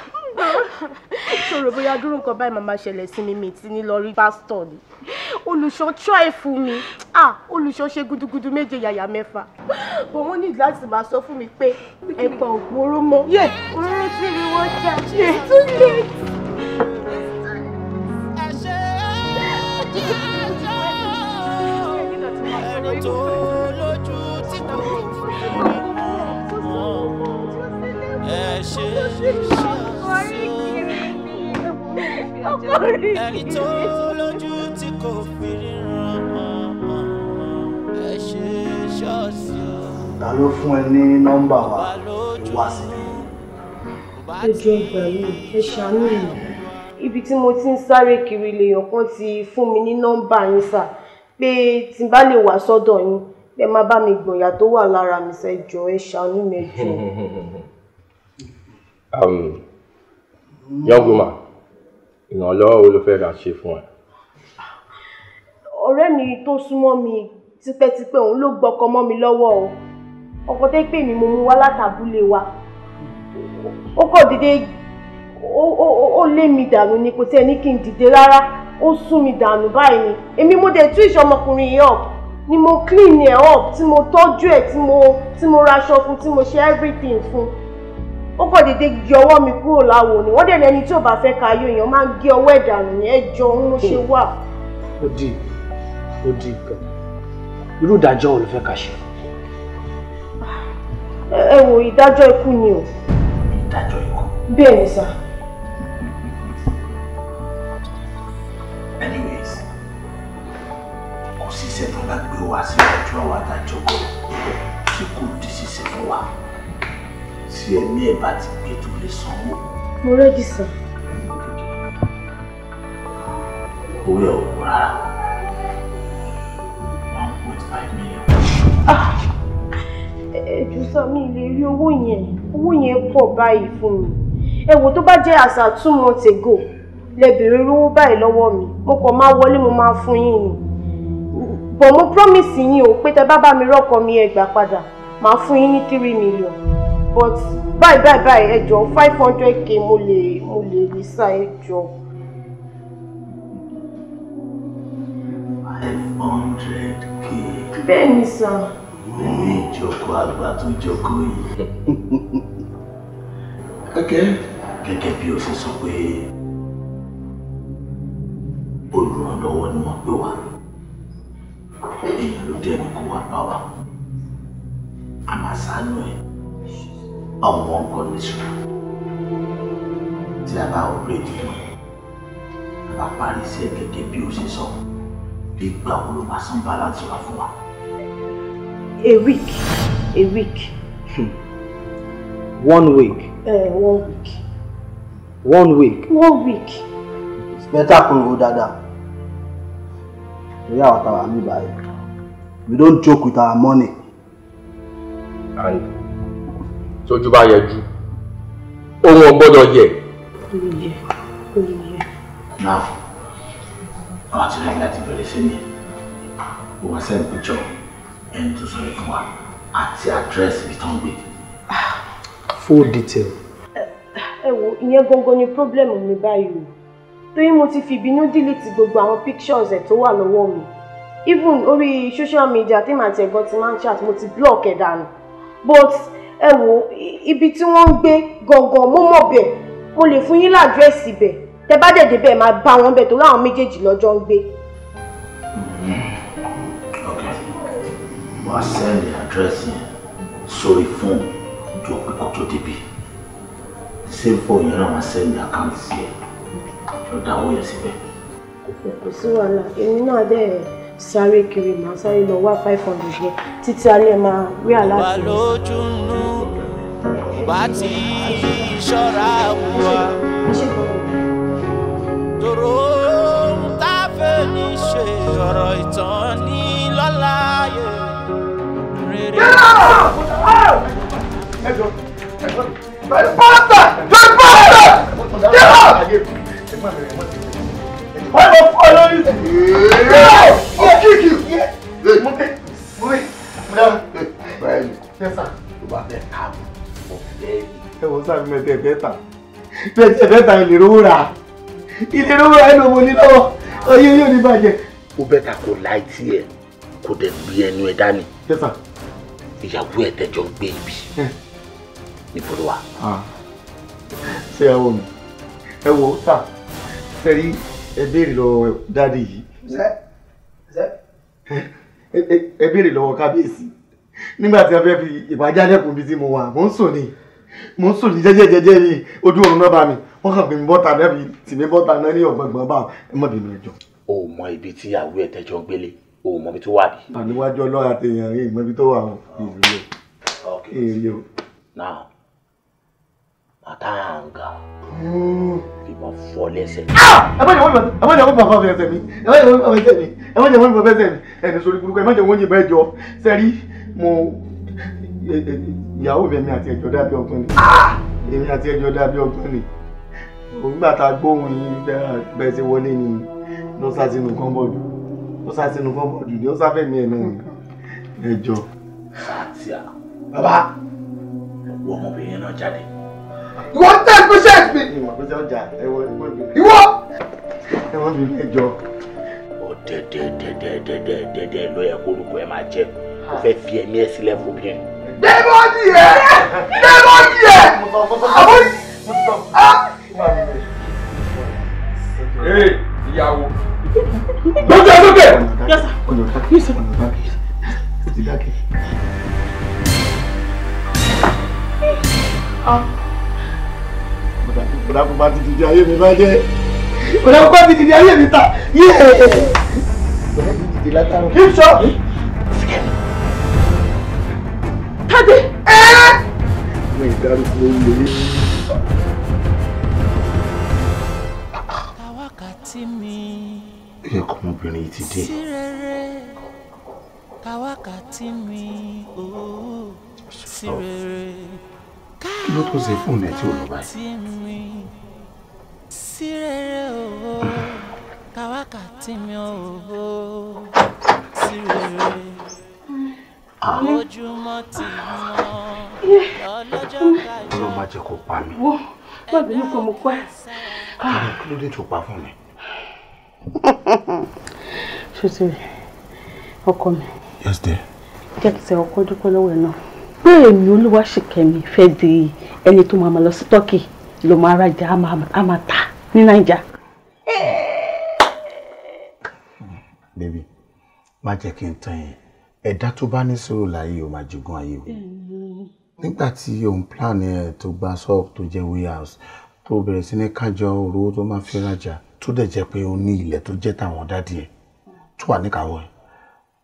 Ṣòro bóyá dúró nǹkan báyìí màmá ṣẹlẹ̀ sí mi mi ti ní lọ rí Pastor. ni. Olùṣọ́ try fún mi. Ah olùṣọ́ ṣe gudugudu méje yàyà mẹ́fà. Bọ̀ wọ́n ní láti máa sọ fún mi pé ẹ̀pà ògbóró mọ́. Òróró tí mi wọ́n jà. It's too late tó lójú tí kò fi mọ̀ ẹ ṣe ṣe ṣe ẹni tó lójú tí kò fi ríran ẹ ṣe ṣọ́ọ̀ṣì. ta ló fún ẹ ní nọ́mbà wa wá síbí. ẹjọ́ ìgbà ẹ ṣàánú mi ibi tí mo ti ń sáré kiri lèèyàn kan ti fún mi ní nọ́mbà yín sáà pé tí n bá lè wá sọ́dọ̀ yín ẹ má bá mi gbòòyà tó wà lára mi sẹ́jọ́ ẹ ṣàánú mẹ́jọ. Um, young woman ìrànlọ́wọ́ wo ló fẹ́ ra ṣe fún ẹ. ọ̀rẹ́ mi tó súnmọ́ mi tipẹ́tipẹ́ òun ló gbọ́kọ mọ́ mi lọ́wọ́ o ọkọ tẹ́ pè mí mo mú wá látàbúlé wa ó kọ̀ dìde ó lé mi dànù ni kò tẹ́ ní kí n dìde rárá ó sún mi dànù báyìí ni èmi mo dẹ̀ tú ìṣọmọkùnrin yìí up ni mo clean ẹ̀ up tí mo tọ́jú ẹ̀ tí mo tí mo raṣọ fún tí mo ṣe everything fún ó kàn dédé gé ọwọ́ mi kúrò láwo ni wọ́n dẹ̀ lẹ́ni tí ò bá fẹ́ ka yóò èèyàn máa ń gé ọwọ́ ẹ̀dànù ni ẹ jọ ń ló ṣe wà. ó di ó di gan irú ìdájọ́ wo ló fẹ́ ká ṣe. ẹ wo ìdájọ́ ikú ni o. ìdájọ́ ikú. bẹ́ẹ̀ ni sá. anyways kò síṣẹ́ tó bá gbé wá sí ìtọ́jú àwọn àtàjọkọ̀ tí kò di ṣíṣe fún wa tí ẹ̀mí ẹ̀ bá ti gbé tó lè sanwó. mo rẹ́gí sọ. owó ẹ̀ ò kú rárá one point five million. Ah! ẹ̀jú sọ mi lè rí owó yẹn owó yẹn pọ̀ báyìí fún mi ẹ̀wò tó bá jẹ́ àṣà two months ago lè béèrè irú báyìí lọ́wọ́ mi mo kàn máa wọlé mo máa fún yín ni bọ̀ mo promise yín o pé tẹ bá bá mi rọ́kọ mi ẹ gbà padà màá fún yín ní three million but báyìí báyìí báyìí ẹ five hundred k mo lè mo lè rí sá ẹ jọ̀ọ́. five hundred k. bẹ́ẹ̀ ni sà. mo ní ìjókòó àgbà tó jókòó yìí. gẹ́gẹ́ bí o ṣe sọ pé olùrànlọ́wọ́ ni wọ́n pè wá èèyàn ló dé ẹ̀mí kó wá bá wa a máa ṣàánú ẹ̀ àwọn ọkọ nìṣó tí a bá ọ̀rọ̀ èdè a bá parí iṣẹ́ gẹ́gẹ́ bí o ṣe sọ bí gbà wo ló máa san balance wa fún wa. a week a week. Hmm. one week. Uh, one week. one week. one week better kò ro dáadáa We are tàwa mi báyìí we don't joke with our money. and tójú bá yẹjú ohun ọgbọ́dọ̀ Yeah. now àwọn àti lẹ́yìn láti bẹ̀rẹ̀ sí ni wọ́n send picture ẹni tó sọ̀rọ̀ fún wa àti àdírẹ́sì ibi tó ń gbé. full detail. Eh, ẹ wo ìyẹn gangan ni problem mi báyìí you torí mo ti fìbínú dìlítì gbogbo àwọn pictures ẹ̀ tó wà lọ́wọ́ mi even orí social media tí màá ti ẹ̀gbọ́n ti máa ń chat mo ti block ẹ̀ dànù but ẹ wo ibi tí wọ́n ń gbé gangan mo mọ̀ bẹ̀ mo lè fún yín ládírẹ́sì bẹ̀ tẹ bá dẹ̀ débẹ̀ máa bá wọn bẹ̀ torí àwọn méjèèjì lọ́jọ́ ń gbé. wàá sẹ́ndì àdírẹ́sì yẹn sórí fóònù ju òpin kò tó débi save fóònù yẹn náà wàá sẹ́ndì àkáǹtì sí ẹ̀ lọ da owó yẹn síbẹ̀. kò sí wàhálà èmi náà dẹ̀ sáré kiri màá sáré lọ wá five hundred yẹn títí alẹ́ máa rí aláàtì. ìbá bá ti ṣọ́ra wa tòró tá a fẹ́ ní ṣe ọ̀rọ̀ ìtàn ní lọ́la yẹn rere. Bọ́lá! Bọ́lá! Bọ́lá! wọ́n lọ fún ọ lórí. ó kíkì. mo dé mo dé mo dá. báyìí tẹ́sà tó bá fẹ́ ta mo fẹ́. ẹ wọ sáà mi mẹ́tẹ̀ ẹ̀fẹ́ ta ẹ̀fẹ́ ta ìlérò wúrà ìlérò wúrà ẹ̀ ló mo ní lọ́wọ́ ọyẹ yóò ní bàjẹ́. ó bẹ́ ta kó láì tiẹ̀ kó dẹ̀ gbé ẹnu ẹ̀ dání. tẹ́sà ìyàwó ẹ̀ tẹ́jọ́ ń gbé ibi níbo ló wà. ṣé ẹ wo mi ẹ wo sáà sẹ́yìn ẹ béèrè lọ́wọ́ dáàdi yìí. ṣe ṣe. ẹ béèrè lọ́wọ́ kábíyèsí nígbà tí wọ́n fẹ́ fi ìbájálẹ̀kùn bíi ti mo wà mò ń sùn ni mò ń sùn ní jẹ́jẹ́ jẹ́jẹ́ ní ojú oorun náà bá mi wọ́n kàn gbẹ̀mí bọ́ta náà bí tìmí bọ́ta náà ní ọ̀gbọ̀ngbọ̀n bá ẹ mọ̀ bínú ẹjọ́. o mọ ibi tí àwọ ẹtẹjọ ń gbélé o mọ ibi tó wà bí. àníwájú ọlọ́run àti èèyàn rẹ̀ ìmọ̀ ibi tó wà ó èrè o àtàǹgà ìbọn hmm. fọ́ lẹ́sẹ̀. Ah! ẹ má jẹ wọ́n ẹ má jẹ wọ́n bàbá ọ̀fẹ́ ẹsẹ̀ mi ẹ má jẹ wọ́n bàbá ẹsẹ̀ mi ẹ má jẹ wọ́n bàbá ẹsẹ̀ mi ẹni sori burúkú ẹ má jẹ wọ́n yìnbọn ẹjọ́ sẹ́rí mo ìyàwó mi èmi ẹjọ́ dàbí ọgbọ́n ni ah! èmi àti ẹjọ́ dàbí ọgbọ́n ni ògbà tá a gbóhùn yín bẹ́ẹ̀ ṣe wọlé ni ló sá sínú kọ́ńbọ̀dù ló sá sínú kọ́ńbọ̀dù ni ó sáfẹ́ mi ẹ̀ náà ẹjọ́. sáà tí a bàbá ọmọbìnrin náà jáde ìwọ ń test patient mi. ìwọ pé sọ́jà ẹ̀wọ̀n ìwọ. ìwọ. ẹ̀wọ̀n mi mẹ́jọ. ọ̀dẹ̀dẹ̀dẹ̀dẹ̀dẹ̀dẹ̀ ló yẹ kó olùkọ́ ẹ máa jẹ́ kó fẹ́ fi ẹ̀mí ẹ sílẹ̀ fún bí ẹ. dẹ́mọ́dì ẹ̀ dẹ́mọ́dì ẹ̀ àwọn. ee ìyàwó. lójú ẹ lókè. ọ̀nà ìdákẹ́ ọ̀nà ìdákẹ́ ìdákẹ́. Ah bùdá pupa ti dìde ayé mi bá jẹ́ bùdá pupa ti dìde ayé mi ta yéé bùdá ti dìde látàrọ. kí n sọ. tade. mo ìdárúkọ oúnjẹ yìí. ìyá ọmọbìnrin yìí ti dé. kàwákàtí mi ò sí rere kí ló tó ṣe fóònù ẹ tí ò lọ báyìí. sí rere o ah. jẹ́ kó pa mí. wo bàbá mi kò mú pẹ́. káàárọ̀ kí ló dé tó pa fún mi. ṣùtì ọkọ mi. yes dear. jẹ́ kí n ọkọ dúpẹ́ lọ́wọ́ ẹ̀ náà pé èmi Olúwaṣìkẹ́mi fẹ́ di ẹni tó máa lọ sí Turkey ló máa rajà á máa tà ní Naija. baby má jẹ́ kí n tán yẹn ẹ̀dá tó bá ní sùúrù láyé o máa jogún ayé o nígbà tí òun plan ẹ̀ tó gba ṣọ́ọ̀bù tó jẹ́ warehouse tó bẹ̀rẹ̀ sí ní kájọ òru tó máa fi rajà tó dẹ̀ jẹ́ pé ó ní ilẹ̀ tó jẹ́ tàwọn dádì ẹ̀ tó wà níkàáwọ́ ẹ̀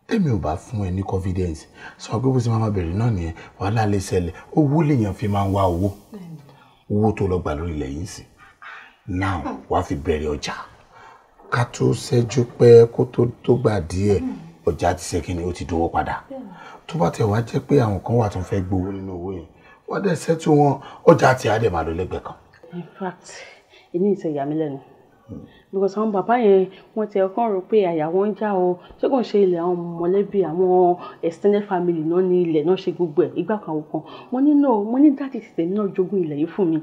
tèmi ò bá fún ẹ ní confidence sọ pé bó ṣe máa bẹ̀rẹ̀ náà nìyẹn wàhálà lè ṣẹlẹ̀ owó lèèyàn fi máa ń wá owó owó tó lọ gbà lórí ilẹ̀ yìí sí now wàá fi bẹ̀rẹ̀ ọjà ká tó ṣẹ́jú pẹ́ kó tó gbà díẹ̀ ọjà ti ṣe kíni ó ti dówó padà tó bá tẹ̀ wá jẹ́ pé àwọn kan wà tó fẹ́ gbowó nínú owó yẹn wọ́n dẹ̀ ṣẹ́tù wọn ọjà ti àdè máa lẹ́gbẹ̀ẹ́ kan. in fact èmi ìṣe ìyá because àwọn bàbá yẹn wọ́n ti ẹ̀kọ́ rò pé àyà wọn ń já o ṣé kò ń ṣe ilẹ̀ àwọn mọ̀lẹ́bí àwọn extended family náà ní ilẹ̀ náà ṣe gbogbo ẹ̀ ìgbà kan àwọn kan mo ní náà mo ní dáàdì ti tèmi náà jogún ilẹ̀ yìí fún mi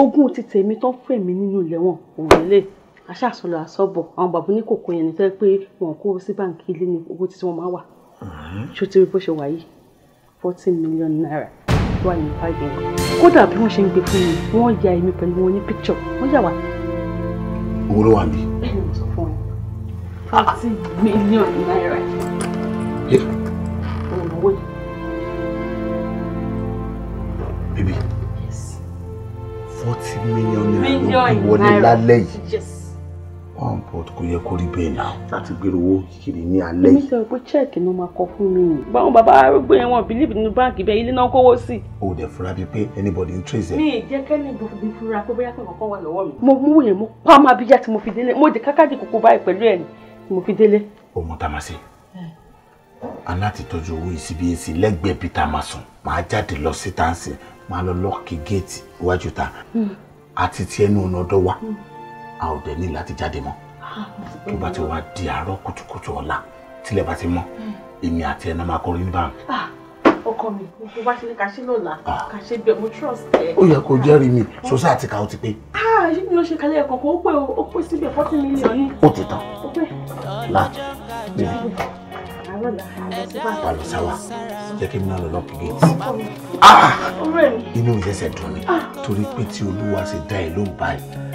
ogún ti tèmi tó fún mi nínú ilẹ̀ wọn òun lè aṣáàsọlọ àsọbọ àwọn bàbá ní kòkó yẹn ni fẹ́ pé wọn kó sí báǹkì ilé ní owó tí wọ́n máa wà mm-hmm. ṣó ti rí bó ṣe wà yìí forty million naira wà ní five yẹn kódà bí wọ́n ṣe ń gbé fún mi wọ́n ya èmi pẹ̀lú wọn ní picture wọ́n owó ló wà níbí. forty million naira. olùwọ́ yìí. forty million naira ló wọlé lálẹ́ yìí one pot kò yẹ kó rí bẹ́ẹ̀ náà láti gbèrò owó kiri ní alẹ́ yìí. nítorí pé chẹ́ẹ̀kì ló máa kọ fún mi. báwọn bàbá arúgbó yẹn wọn bìlíìfù nínú báǹkì bẹ́ẹ̀ ilé náà kówó sí. o dẹ̀ fura bíi pé anybody in trace ẹ. mi ì jẹ́ kẹ́ni bí fura pé bóyá kankan kan wà lọ́wọ́ mi. mo mú yẹn mo pa máa bí tí mo fi délé mo dé kákàdé kókó báyìí pẹ̀lú ẹ̀ ni mo fi délé. òmù tá a máa ṣe aláti tọ́jú owó yìí síbi èsì lẹ́gbẹ̀ẹ́ peter mason máa jáde lọ sí tansi máa lọ lọ́ọ̀kì géètì iwájú ta àti hmm a ò dẹ̀ ní láti jáde mọ́ tó bá ti wá di àárọ̀ kùtùkùtù ọ̀la tílẹ̀ bá ti mọ́ èmi àti ẹ̀nà máa kọrin bá mi. Ah, ọkọ mi gbogbo bá ṣe ní ká ṣe lọ́la ah. ká ṣe bẹ̀ mo trust ẹ. ó yẹ kó jẹ́rìí mi sọ́sáàtì ká ó ti pé. ṣé ah, mi ló ṣe kalẹ̀ ẹ̀kọ́ kó pé ó pé síbẹ̀ forty million ní. ó ti tán láti níbi balọ̀ sáwà jẹ́ kí n náà lọ lọ́ọ̀kì gate. inú ìṣẹ̀ṣẹ̀ dùn ni torí pé tí olúwa ṣe dá ẹ lóhùn báyìí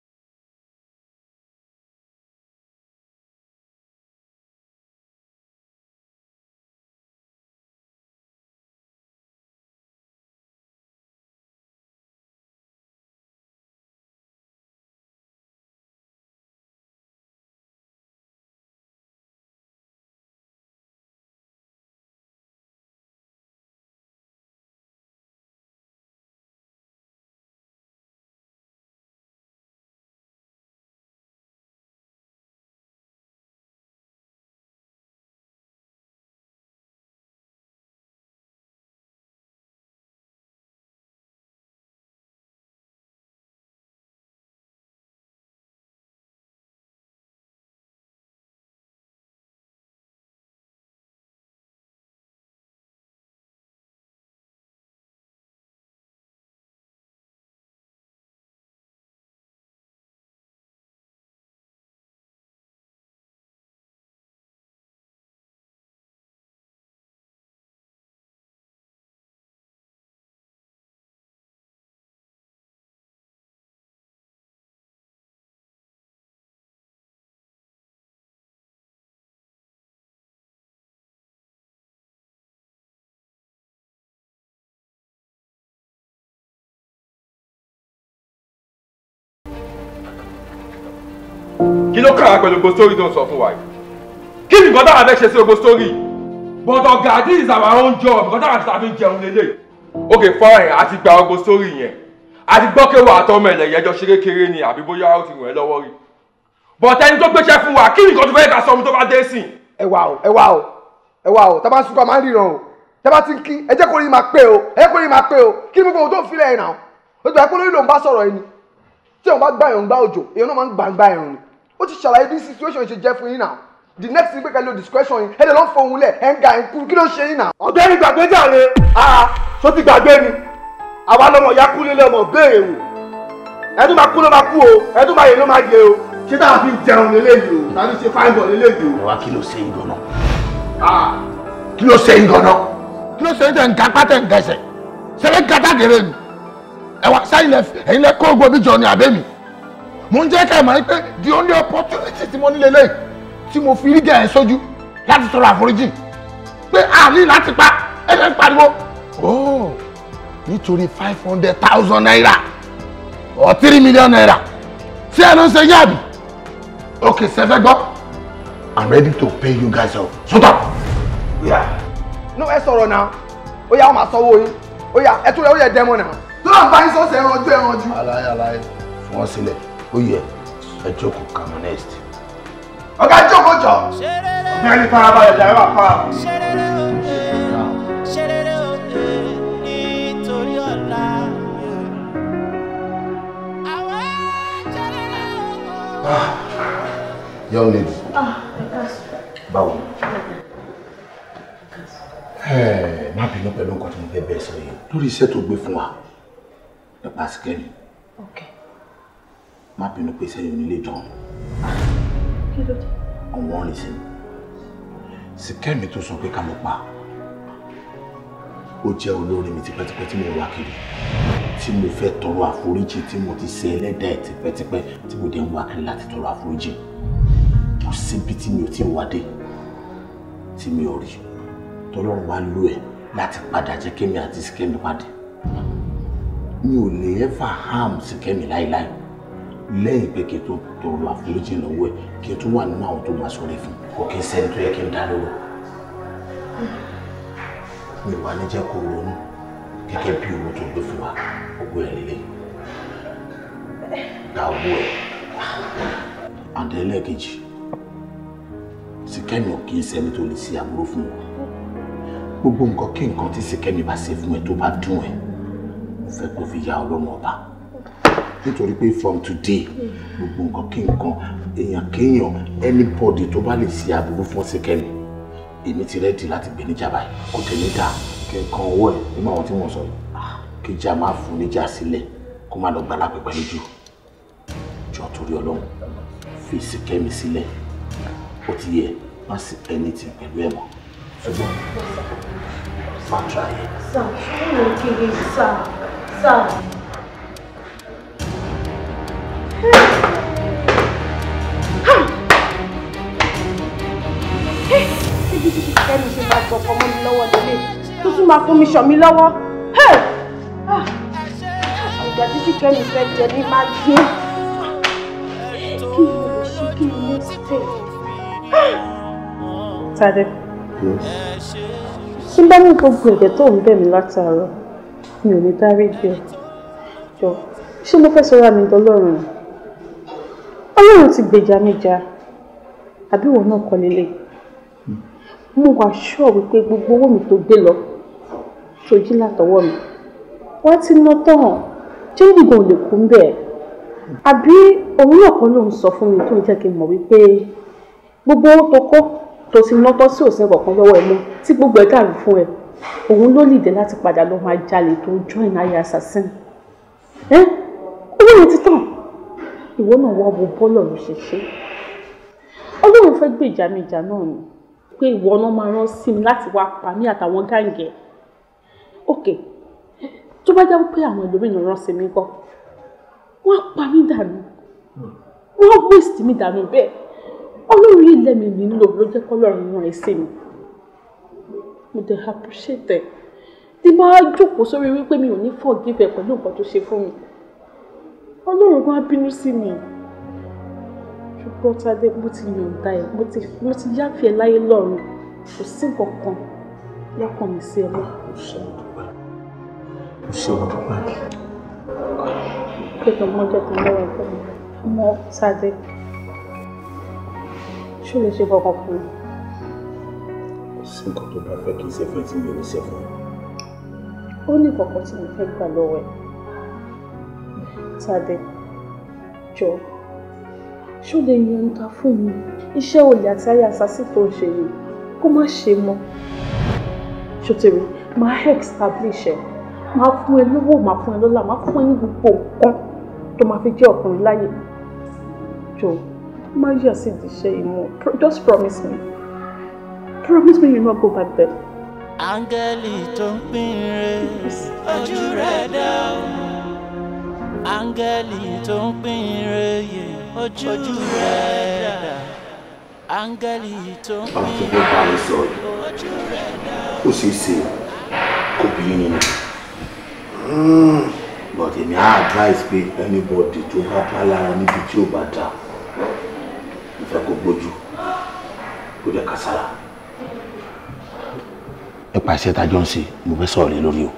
kí ló kàn án pẹ̀lú gbogbo story tó ń sọ fún wa yìí kí ni nǹkan táwọn ṣe sí gbogbo story but ọ̀gá this is our own job nǹkan táwọn àti àfi jẹun lélẹ̀ ok fine àti gba gbogbo story yẹn àti gbọ́ kéwà àtọmọ ẹ̀lẹ́yẹ jọ ṣeré kéré ni àbí bóyá ó ti ràn ẹ́ lọ́wọ́ rí but ẹni tó gbéṣẹ́ fún wa kí ni nǹkan tó fẹ́ ká sọ ọmọ tó bá dé sí. ẹ wà o ẹ wà o ẹ wà o tábà sùkọ́ máa ń ríran o tábà ti ń kí ẹ jẹ́ kó rí máa pé o ẹ jẹ́ kó rí máa pé o kí ni gbogbo ohun tó ń filẹ̀ ẹ̀ nà o ó ti bá ẹ kó lórí lòun bá sọ̀rọ̀ ẹni tí òun bá gbà ẹ̀ gbà òjò èèyàn náà máa ń gbà gbà ẹ̀ ni ó ti ṣàlàyé bí situation ṣe jẹ́ fún yín náà the next thing pé kẹ́lẹ́ o discretion yín ẹ lè lọ́ fọ òun lẹ̀ ẹ̀ ń ga ẹ̀ ń kú kí ló ṣe yín náà. ọ̀gbẹ́ni gbàgbé jàre a tó ti gbàgbé ni àwa lọmọ ya kú lélẹ̀ ọmọ béèrè wò ẹdún máa kú ló máa kú o ẹdún máa yẹ ló máa yẹ o ṣé táwa fi jẹun lélẹ́yìí o tàbí ṣe fáìn bọ̀ lélẹ́yìí o. wá kí ló ṣe ń gbọ́nà kí ló ṣe ń gbọ́nà. kí ló ṣe ń tẹ̀ ń kápá tẹ̀ ń gẹ̀ṣẹ̀ ṣẹlẹ̀ gàdàgẹ̀rẹ̀ ni ẹ̀wà sáyìn lẹ́yìn mo ń jẹ́ ká ìmọ̀ pé the only opportunity tí mo nílé lẹ́yìn tí mo fi rí gẹ̀ẹ́ sójú láti tọrọ àforíjì pé àní láti pa ẹ̀ṣẹ̀ ń pariwo oh nítorí five hundred thousand naira or three million naira tí ẹnu ń ṣe yáàbì okay sẹfẹ gbọ́ i'm ready to pay you guys off shut up. Yeah. no ẹ sọ̀rọ̀ náà ó yà ó máa sanwó yín ó yà ẹ tún yà ó yẹ dẹ́mọ̀ náà tó náà bá yín sọ́ọ̀sì ẹran ojú ẹran ojú. aláyé aláyé fún wọn sílẹ̀ ó yẹ ẹ jókòó kàmú next. ọ̀gá jókòó jọ ọ̀gbìn ẹni farabalẹ̀ dàrú àpá. Ah, young lady. Ah, báwo. Eh, má bínú pẹ̀lú nǹkan tí mo fẹ́ bẹ́ẹ̀ sọ yìí lórí iṣẹ́ tó gbé fún wa nípa sikẹ́ni. Okay má bínú pé sẹ́yìn onílé tán. kí ló dé. ọ̀wọ́n rìn sí mi Ṣìkẹ́mi tó sọ pé ká lọ pa ó jẹ́ olórin mi tipẹ́tipẹ́ tí mo wá kiri tí mo fẹ́ tọrọ àforíjì tí mo ti ṣe ẹlẹ́dàá tipẹ́tipẹ́ tí mo dẹ̀ ń wá kiri láti tọrọ àforíjì kò síbi tí mi ò tí ì wá dé tí mi ò rí tọlọ́run wá lò ẹ̀ láti padà jẹ́ kémi àti Ṣìkẹ́mi pàdé mi ò lè ẹ́fà hàm Ṣìkẹ́mi láéláé lẹ́yìn pé kí n tó tọrọ àforíjì lọ́wọ́ ẹ̀ kí n tó wà nínú àwọn tó máa sọ̀rọ̀ fún kò kí n sẹ́ni tó yẹ kí n dá lóró mi wà ní jẹ́ kó ronú gẹ́gẹ́ bí owó tó gbé fún wa owó ẹ̀ líle gba owó ẹ̀ àdẹ́lẹ̀ kejì Síkẹ́mi ò kí n sẹ́ni tó lè ṣe àbúrò fún wa gbogbo nǹkan kí nǹkan tí Síkẹ́mi bá ṣe fún ẹ tó bá dùn ẹ mo fẹ́ kó fi yá ọlọ́run ọba nítorí pé from today gbogbo nǹkan kí nǹkan èèyàn kéèyàn anybody tó bá lè ṣe àbúrú fún ṣèkẹ́mi èmi ti rẹ́dì láti gbé níjàmbá yìí kò tẹ̀lé dà kí n kan owó ẹ̀ nínú àwọn tí wọ́n sọ yìí kí jà máa fún níjà sílẹ̀ kó má lọ gbàlá pẹ̀pẹ́ lójú jọ torí ọlọ́run fi ṣèkẹ́mi sílẹ̀ ó ti yẹ má sí anything pẹ̀lú ẹ̀ mọ́ ṣùgbọ́n má tra yẹ. sà ṣé mo kiri sà sà. kankan mọ́ mi lọ́wọ́ délé tó tún máa fún mi ṣàn mí lọ́wọ́ ah! ìgbà tí ṣìkẹ́ mi fẹ́ jẹ ní máa gbé kí mo ṣe kí mo lè ṣe. Ah! Tade. Tí bá ní gbogbo ẹ̀jẹ̀ tó ń bẹ̀ mí látàárọ̀, mi ò ní dárí bí ẹ. Jọ, ṣé mo fẹ́ sọ́ra mi dọ́lọ́run? Ọlọ́run ti gbèjà mi já, àbí wọn náà kọ́ lélẹ̀ mo wà ṣọ́ wípé gbogbo owó mi tó gbé lọ tó jí látọwọ́ mi wọ́n ti ná tán jẹ́rìí gan lè kú bẹ́ẹ̀ àbí òun náà kan ló ń sọ fún mi tó ń jẹ́ kí n mọ̀ wípé gbogbo owó tó kó tó ti ná tán sí òsín kọ̀ọ̀kan lọ́wọ́ ẹ̀ mọ́ tí gbogbo ẹ̀ dàrú fún ẹ òun ló lè dé láti padà lọ máa jalè tó join ayé assassin ẹ owó yẹn ti tàn ìwọ náà wọ́n bo bọ́ọ̀lù ló ọlọ́run fẹ́ gbèjà mi ìjà náà ni pé ìwọ náà máa rán sí mi láti wá pa mí àtàwọn gáǹgẹ ok tó bá jẹ́ pé àwọn ẹlòmíràn rán sí mi kọ́ wọ́n á pa mí dànù wọ́n á wéèsì mi dànù bẹ́ẹ̀ ọlọ́run yìí lẹ́mi nílò ló jẹ́ kọ́lọ́run rán ẹ sí mi mo dẹ̀ appreciate ẹ̀ tí bá jókòó sórí wípé mi ò ní forgive ẹ pẹ̀lú nǹkan tó ṣe fún mi ọlọ́run kan á bínú sí mi ṣùgbọ́n tádé mo ti yọ̀ǹda ẹ̀ mo ti yáfi ẹ̀ láyé lọ́rùn kò sí nǹkan kan lọ́kàn mi sí ẹ mọ́. kò sí ọ̀dọ́gbà kò sí ọ̀dọ́gbà. pé kí ọmọ jẹ́ kí n lọ́rọ̀ ẹ̀kọ́ mi ọmọ tádé ṣó lè ṣe kankan fún mi. kò sí nǹkan tó bá fẹ́ kí n ṣe fún ẹ tí mi ò ní ṣe fún ẹ. ó ní kankan tí mo fẹ́ gbà lọ́wọ́ ẹ̀ tádé jọ̀ọ́ ṣó lè yọ̀ǹda fún mi iṣẹ́ olè àti ayé àsásí tó ń ṣe yìí kó má ṣe mọ́ ṣòtẹ̀rẹ̀ máa establish ẹ̀ máa fún ẹ lówó máa fún ẹ lọ́lá máa fún ẹ ní gbogbo nǹkan tó máa fi jẹ́ ọkùnrin láyè jọ má yà sí ìdíṣẹ́ yìí just promise me promise me you no go back there. áńgẹ́lì tó ń pín re ojú rẹ̀ dá o tó ń pín re yẹn ojú rẹ̀ dà áńgẹ́lì tó ń bí ojú rẹ̀ dà. ó ṣeé ṣe kó bí nínú hmm. but èmi á advice pé anybody tó bá bá lára níbi tí ò bá dà mo fẹ́ kó gbójú kó jẹ́ kására nípa iṣẹ́ tá a jọ ń ṣe mo fẹ́ sọ̀rọ̀ lé lórí o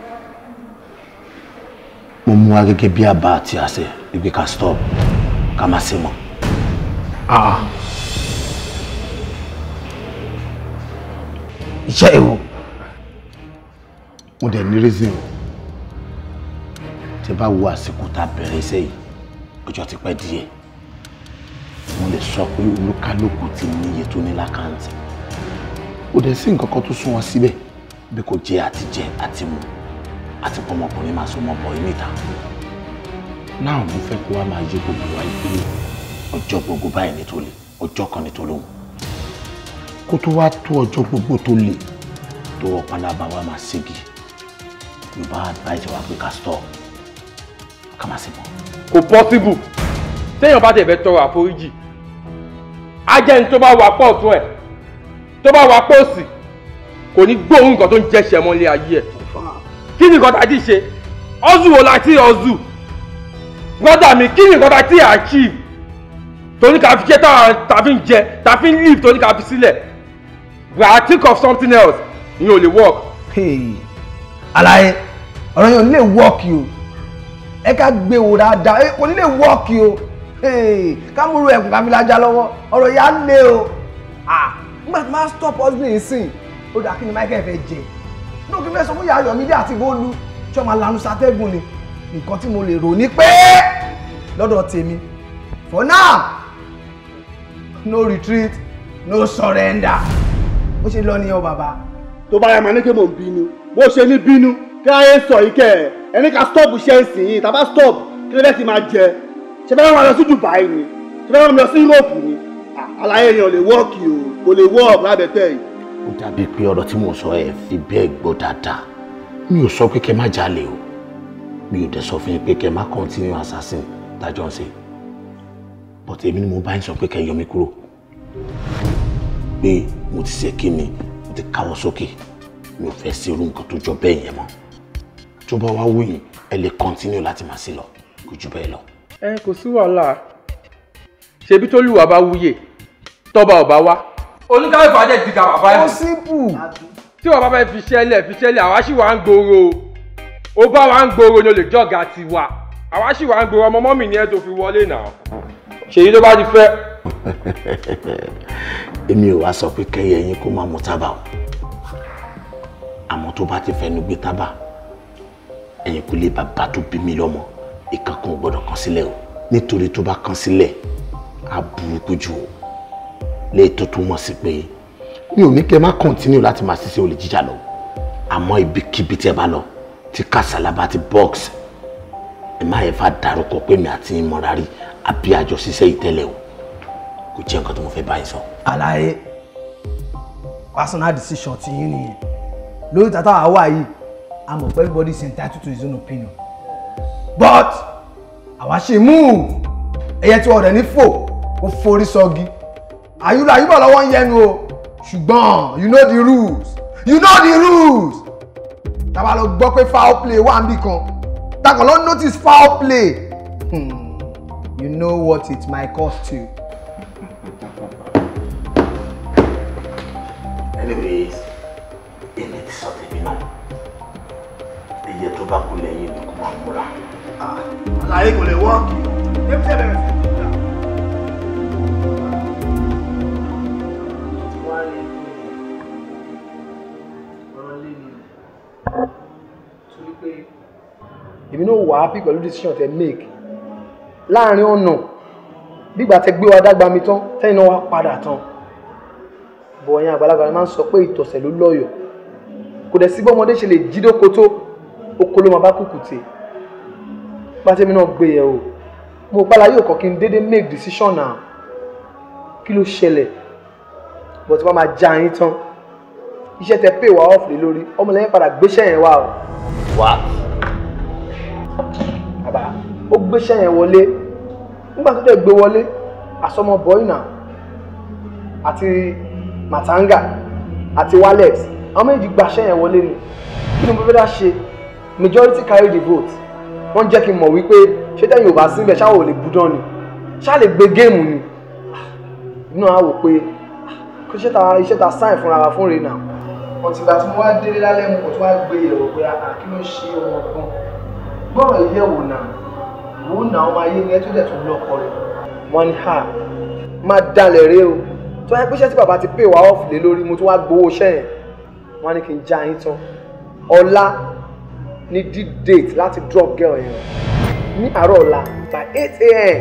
mo mú wa gẹ́gẹ́ bí àbá àti àṣẹ wípé stop ká má ṣe mọ́. iṣẹ́ èwo mo dẹ̀ ní reason o tí bá wo àsìkò tá a bẹ̀rẹ̀ iṣẹ́ yìí ọjọ́ ti pẹ́ díẹ̀ mo lè sọ pé olúkálùkù ti ní iye tó ní lákàntì ó dẹ̀ sí nǹkan kan tó sún wọn síbẹ̀ bí kò jẹ àtijẹ àti mu àti pọmọkùnrin máa sún mọ́ bọ̀ ní ìta náà mo fẹ́ kó wá máa yé gbogbo wa pé ọjọ́ gbogbo báyìí ni tó le ọjọ́ kan ni tó lóhùn kó tó wá tó ọjọ́ gbogbo tó le tó ọ̀pálábà wa máa ségi yorùbá advice wa pé ká stop ká máa ṣe mọ́. kò possible téèyàn bá tẹ̀ fẹ́ tọrọ àforíjì ajẹ́ni tó bá wà pọ̀ tún ẹ̀ tó bá wà pọ̀ sí kò ní gbóhùn nǹkan tó ń jẹ́ ṣẹ́mọ́lé ayé ẹ̀ kí ni nǹkan tá a ti ṣe ọ́zù wo la ti ọ̀zù brother mi kí ni nǹkan ta ti achieve torí ká fi ṣe tá a fi ń jẹ tá a fi ń live torí ká fi sílẹ̀ but I think of something else ìyẹn ò lè work. alaye ọ̀rọ̀ yẹn ò lè work yìí o ẹ ká gbé wò dáadáa ẹ kò ní lè work yìí o ká múru ẹ̀kún ká fi lọ́wọ́ ọ̀rọ̀ yẹn á lé o nígbà tí máa stop us yìí sìn ó dà kí ni Michael fẹ́ jẹ ní òkè mẹ́sàn-án fún yàrá yọ̀mídé àti ìbò tí wọ́n máa lanu sátẹ́gùn ni nǹkan tí mo lè rò ní pé lọ́dọ̀ tèmi for now no retreat no surrender bó ṣe lọ nìyẹn o bàbá. tó bá yà máa ní kí mò ń bínú bó ṣe ní bínú kí ayé sọ yìí kẹ ẹ ẹni ká stop ṣe ń sìn yìí tàbá stop kí lẹ́bẹ̀ẹ́ ti máa jẹ ṣe fẹ́ràn máa lọ sí Dubai ni ṣe fẹ́ràn máa lọ sí Europe ni àlàyé ah, yẹn ò lè wọ́ọ̀kì o kò lè wọ́ọ̀kì lábẹ́tẹ̀ yìí. ó dàbí pé ọ̀rọ̀ tí mo sọ ẹ̀ fi bẹ́ẹ̀ gbọ́ dáadáa mi ò sọ pé kẹ́ má jalè o mi ò dẹ̀ sọ fún yín pé kẹ́ má continue assassin tájọ́ ń ṣe but èmi ni mo bá yín sọ pé kẹ́ yọ mi kúrò pé mo ti ṣe kí mi mo ti káwọ́ sókè mi ò fẹ́ ṣe irú nǹkan tó jọ bẹ́ẹ̀ yẹn mọ́ tó bá wá wúyìn ẹ lè continue láti máa ṣe lọ kò jù bẹ́ẹ̀ lọ. ẹ kò sí wàhálà ṣebí tó lùwà bá wúyè tọ́ba ọba wá oníkàwé fàájẹ́ ti dà bàbá ẹ̀. ó sípù. tí wọ́n bá fẹ́ fi ṣẹlẹ̀ fi ṣẹlẹ̀ àwa sì wà ń gbòòrò ó bá wa ń gbòòrò ni o lè jọ̀gà tiwa àwa sì wà ń gbòòrò ọmọ mọ́mì ni ẹ tó fi wọlé náà ṣèyí ló bá ti fẹ́. èmi ò wá sọ pé kẹyẹ yín kó má mu tábà o àmọ́ tó bá ti fẹnu gbé tábà ẹ̀yin kò lè bàbá tó bí mi lọ́mọ ìkankan ò gbọ́dọ̀ kan sílẹ̀ o nítorí tó bá kan sílẹ̀ á burúkú jù o lè tó túmọ̀ sí pé mi ò ní kẹ́ má kọ́ntínú láti máa ṣiṣẹ́ olè jíjà lọ àmọ́ ibikíbi tẹ́ bá lọ tí kásálà bá ti box ẹ má yẹ fà dárúkọ pé mi àti ìmọ̀ra rí àbí àjọṣiṣẹ́ ìtẹ́lẹ̀ o kò jẹ́ nǹkan tó mo fẹ́ báyìí sọ. àlàyé personal decision ti yín nìyẹn lórí tata àwa yìí a mọ̀ pé everybody entitled to his own opinion but àwa ṣe mú ẹyẹ tí ọ̀rẹ́ ní fò ó forí sọ́gi àyùlọ àyùbọ̀ lọ́wọ́ ń yẹnu o ṣùgbọ́n you know the rules you know the rules tàbá lọ gbọ́ pé foul play wà níbì kan takàn lọ notice foul play hmm. you know what it might cost you. anyways èmi ti sọ tèmi náà iye tó bá kú lẹ́yìn ni kò máa múra. Ah, àlàyé kò lè wọ́ọ̀kì. ẹ bí tẹ́lẹ̀ rẹ̀. torí pé èmi náà wà happy pẹ̀lú decision tẹ make láàrin ọ̀nà bígbà tẹ gbé wa dágbà mi tán tẹ́yìn náà wá padà tán bọ̀ ọ̀yàn àgbàlagbà máa ń sọ pé ìtọ̀sẹ̀ ló lọ́yọ̀ kò dẹ̀ sí bọ́mọdé ṣe lè jídóko tó oko ló máa bá kùkù tè pátẹ́mi náà gbé yẹ̀ o mo pàlà yóò kọ́ kí n dédé make decision náà kí ló ṣẹlẹ̀ bọ̀ tí wọ́n máa já yín tán iṣẹ́ tẹ pay wa off lé lórí ọmọlẹ́yìn padà gbéṣẹ́ yẹn wá o. wá. bàbá ó gbéṣẹ́ yẹn wọlé nígbà tó dẹ̀ gbé wọlé àsọmọ bọ́ìnà àti matanga àti wallet àwọn méjì gbaṣẹ́ yẹn wọlé ni kí ni mo fẹ́ dá ṣe majority carry the vote wọ́n jẹ́ kí n mọ̀ wípé ṣé tẹ́yìn ò bá síbẹ̀ ṣáà ò lè budán ni ṣáà lè gbé géèmù ni inú àá wò pé kí ṣe ta iṣẹ́ ta sign fúnra wa fún rẹ̀ náà ọ̀tìgbà tí mo wá délé lálẹ́ mo kò tún wá gbé yẹ̀wò pé kí ló ṣe ọmọ gan gbọ́rọ̀ yẹ̀wò náà wò ó náà ọmọ ayé ni ẹ tó dẹ̀ tún lọ́kọ rẹ̀ wọ́n ní ha máa dalẹ̀ rẹ o tó wáyé pé iṣẹ́ tí bàbá ti pè wá ọ̀f lé lórí mo tún wá gbowó iṣẹ́ yẹn wọ́n ní kí n já yín tán ọ̀la ni due date láti drop girl yẹn ní àárọ̀ ọ̀la by eight a.m.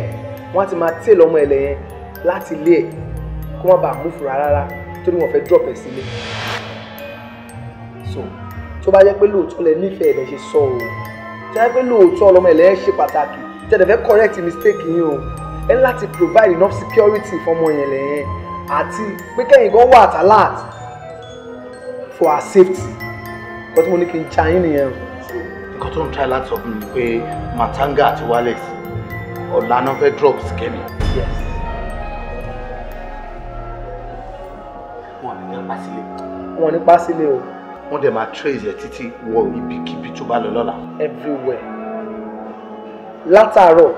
wọ́n ti máa tẹ̀lé ọmọ ẹ̀lẹ́ yẹn láti ilé ẹ̀ kó má bàa mú fura rárá torí wọ́n fẹ́ drop ẹ̀ sílé sọ tó bá jẹ́ pé lóòótọ́ lẹ nífẹ̀ẹ́ lẹ ṣe sọ o tó bá jẹ́ pé lóòótọ́ ọlọmọ ẹ̀ lẹ́ ṣe pàtàkì tẹ̀lé fẹ́ correct mistake yín o ẹ láti provide enough security fọmọ yẹn lẹ́yìn àti pé kẹ́yìn gan wà at alert for her safety kọ́tí mo ní kí n ja yín nìyẹn o. nǹkan tó ń try láti sọ fún mi pé matanga àti wallace ọ̀la náà fẹ́ drop skemi. wọ́n ní pa sílé. wọ́n ní pa sílé o wọ́n dẹ̀ máa trace ẹ̀ títí wọ ibikíbi tó bá lọ lọ́la. everywhere látàárọ̀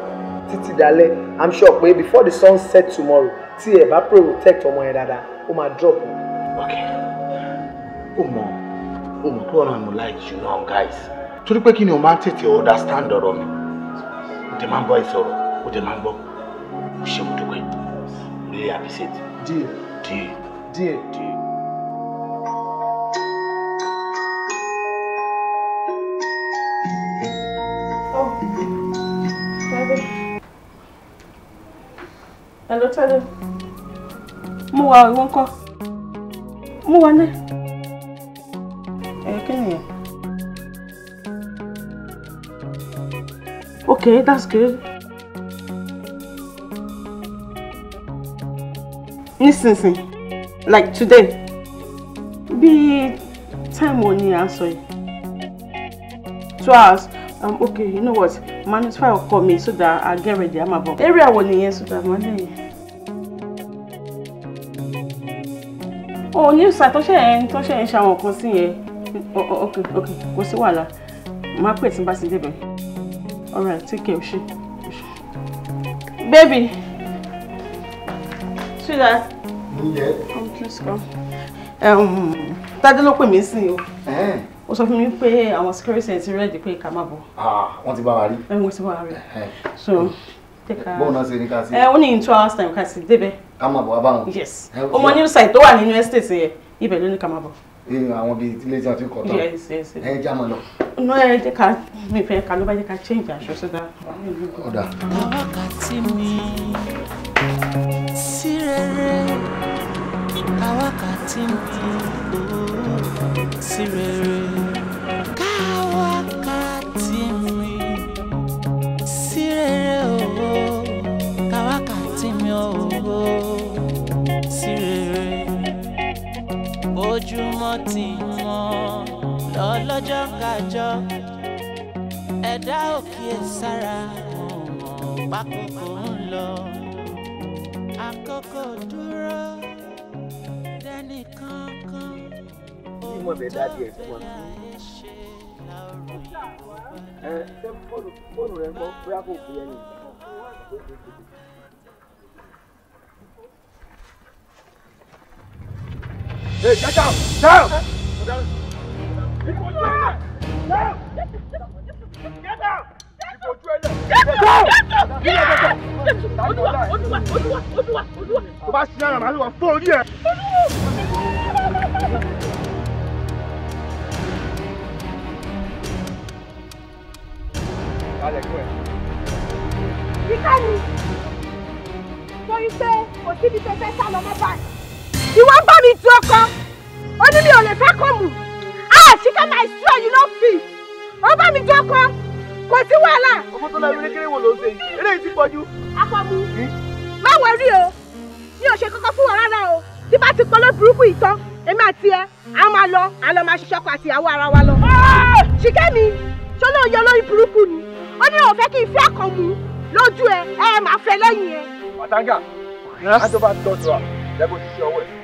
títí dalẹ́ i'm sure pé before the sun set tomorrow tí ẹ bá protect ọmọ yẹn dáadáa ó máa drop. ok ó mọ ó mọ pé ọ̀nà mo like you now guys torí pé kí ni o máa tètè understand ọ̀rọ̀ mi o dẹ̀ máa ń bọ́ ìsọ̀rọ̀ o dẹ̀ máa ń gbọ́ o ṣe mo dúpẹ́ really appreciate. díẹ̀ díẹ̀ díẹ̀ díẹ̀. Hello, Tade. Mo wà ìwọ ńkọ́? Mo wà ní. Ẹ kí nìyẹn? Okay, that's good. Nísinsìnyí, like today, bíi time wo ni à ń sọ Two hours. Um, okay, you know what? Manage file call me so that I get ready. I'm about. Area wo nìyẹn so that I'm ready. o ní ìsà tó ṣe ń tó ṣe ń ṣe àwọn nǹkan sí yẹn ok ok kò sí wàhálà má pè tí n bá ti débẹ̀ alright take care ṣe baby sweetheart yeah. come please come tádé ló pè mí sí o ó sọ fún mi pé àwọn security ti rẹ́ẹ̀dì pé ká má bọ̀. wọ́n ti bá wa rí. wọ́n ti bá wa rí so. bóun náà ṣe ní ká sí. ó ní in two hours time ká sì débẹ̀ ká máa bọ̀ yes ọmọ new site tó wà new estate yẹn ibẹ̀ ló ní ká máa bọ̀. ee àwọn bíi ilé tí a ti kọ tán ẹ jẹ́ àmọ́ lọ. no ẹ jẹ́ ká mi fẹ́ ká ló bá jẹ́ ká change aṣọ sọ́dà. ọ̀dà. wákàtí mi sí rere mi oh, sí ojoojúmọ́ ti mọ́ lọ́lọ́jọ́ kájọ́ ẹ̀dá òkè sára pákókó ń lọ àkókò dúró dẹ́nì kankan ohun tó bẹ̀rẹ̀ ṣe lọ́rùn ìwà. ẹ ṣé fóònù rẹ mọ bóyá kò gbé ẹni. Hey, get down! Down! Get down! Get down! Olúwa Olúwa ìwọ bá mi tu ọkọ ó ní mi ò lè fẹ́ kó mù á ṣí ká máa ṣú ẹ̀yìn ló fì ó bá mi tu ọkọ kò sí wàhálà. ọmọ tó lọ́ọ́ kékeré wo ló ń ṣe yìí eré yìí ti pọ̀ jù. akọmu má wọrí o mi ò ṣe kọ́kọ́ fún wọn rárá o tí bá ti pọ́nlọ́ burúkú ìtàn èmi àti ẹ a máa lọ a lọ máa ṣiṣẹ́ ọkọ àti ìyàwó ara wa lọ. Ah! ṣìkẹ́mi ṣọlá òye olórí burúkú ni ó ní òun fẹ́ kí n fẹ́ àkànmú lójú ẹ ẹ máa fẹ́ lẹ́yìn ẹ. pàtàkì àti tó bá ń tọ́jú à lẹ́gbẹ̀ẹ́ ti ọwọ́ ẹ̀.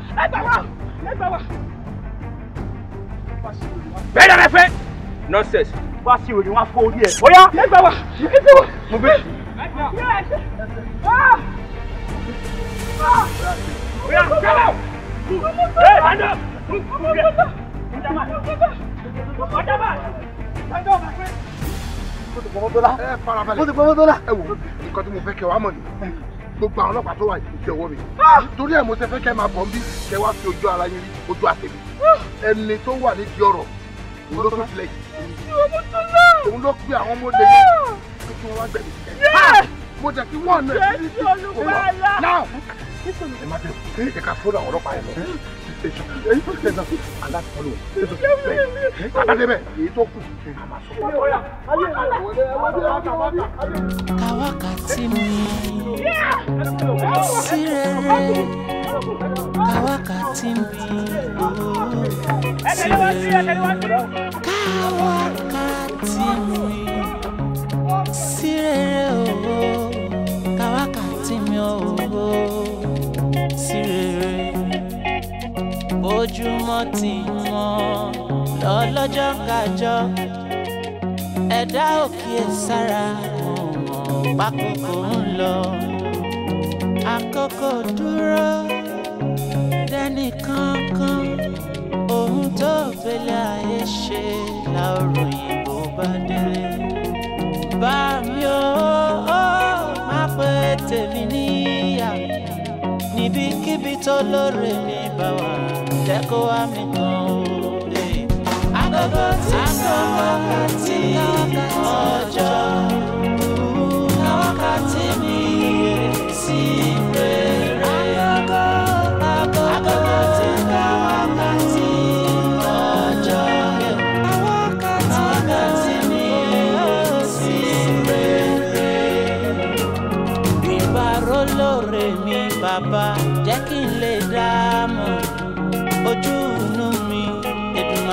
ẹgbà wá ẹgbà wá. bẹ́ẹ̀ dára fẹ́ nọ́ọ̀sẹ̀s wá sí òní wá fún orí ẹ̀ ó yá ẹgbà wá ẹgbà wá. mo gbé. Oya, come out! Hey, hand up! Mo ti pọ́nmọ́tò la. Mo ti pọ́nmọ́tò la. Ẹ wo, nǹkan tí mo fẹ́ kẹ́ wa mọ̀ ni gbogbo àwọn ọlọ́pàá tó wà yìí jẹ́wọ́ mi ah! torí ẹ̀ mo ṣe fẹ́ kẹ́ máa bọ̀ ń bí kẹ́ wá fi ojú ara yín rí ojú àtẹ̀mí ah! ẹni tó wà nídìí ọ̀rọ̀ òun ló tó tilẹ̀ yìí òun ló pe àwọn ọmọdé yìí pé ah! kí wọ́n wá gbẹ̀mí kẹ́ mo jẹ́ kí wọ́n náà ẹ̀ ká fún àwọn ọlọ́pàá yẹn lọ èyí tó kẹta alákọọlù ètò bẹ́ẹ̀ pàtàkì kàwákàtí mi sí rere kàwákàtí mi sí rere kàwákàtí mi sí rere ooo. ojoojúmọ́ ti mọ́ lọ́lọ́jọ́ kájọ́ ẹ̀dá òkè sára pákókó ń lọ àkókò dúró dẹ́nì kankan ohun tó fẹlẹ ayé ṣe láòrò yìnbó bá délé bá mi ò má pé tèmi níyà níbikíbi tó lóore ní bá kó wá mi kàn ó. Agogo i sọ wákàtí ọjọ́.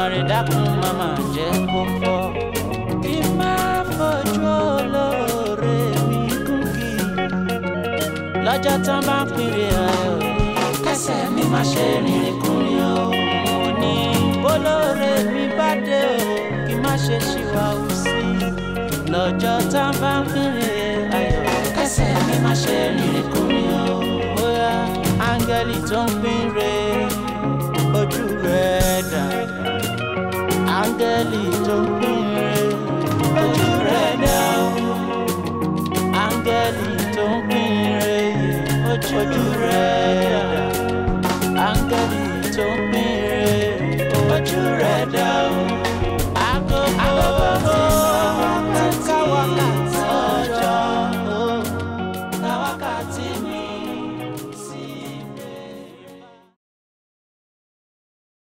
Olódùmarè dákun màmá jẹ́ kó fọ́ kí n má fojú olóore mi kún kí lọ́jọ́ tán bá péré ayọ̀ kẹsẹ̀ mi má ṣe rìnrìn kúrin o mo ní bólóore mi bá dé o kí má ṣe ṣìwà òsì lọ́jọ́ tán bá péré ayọ̀ kẹsẹ̀ mi má ṣe rìnrìn kúrin o bóyá áńgẹ́lì tó ń pín ojú rẹ̀ dà. áńgẹ́lì tó kún re ojú rẹ̀ dá áńgẹ́lì tó kún re ojú rẹ̀ dá áńgẹ́lì tó kún re ojú rẹ̀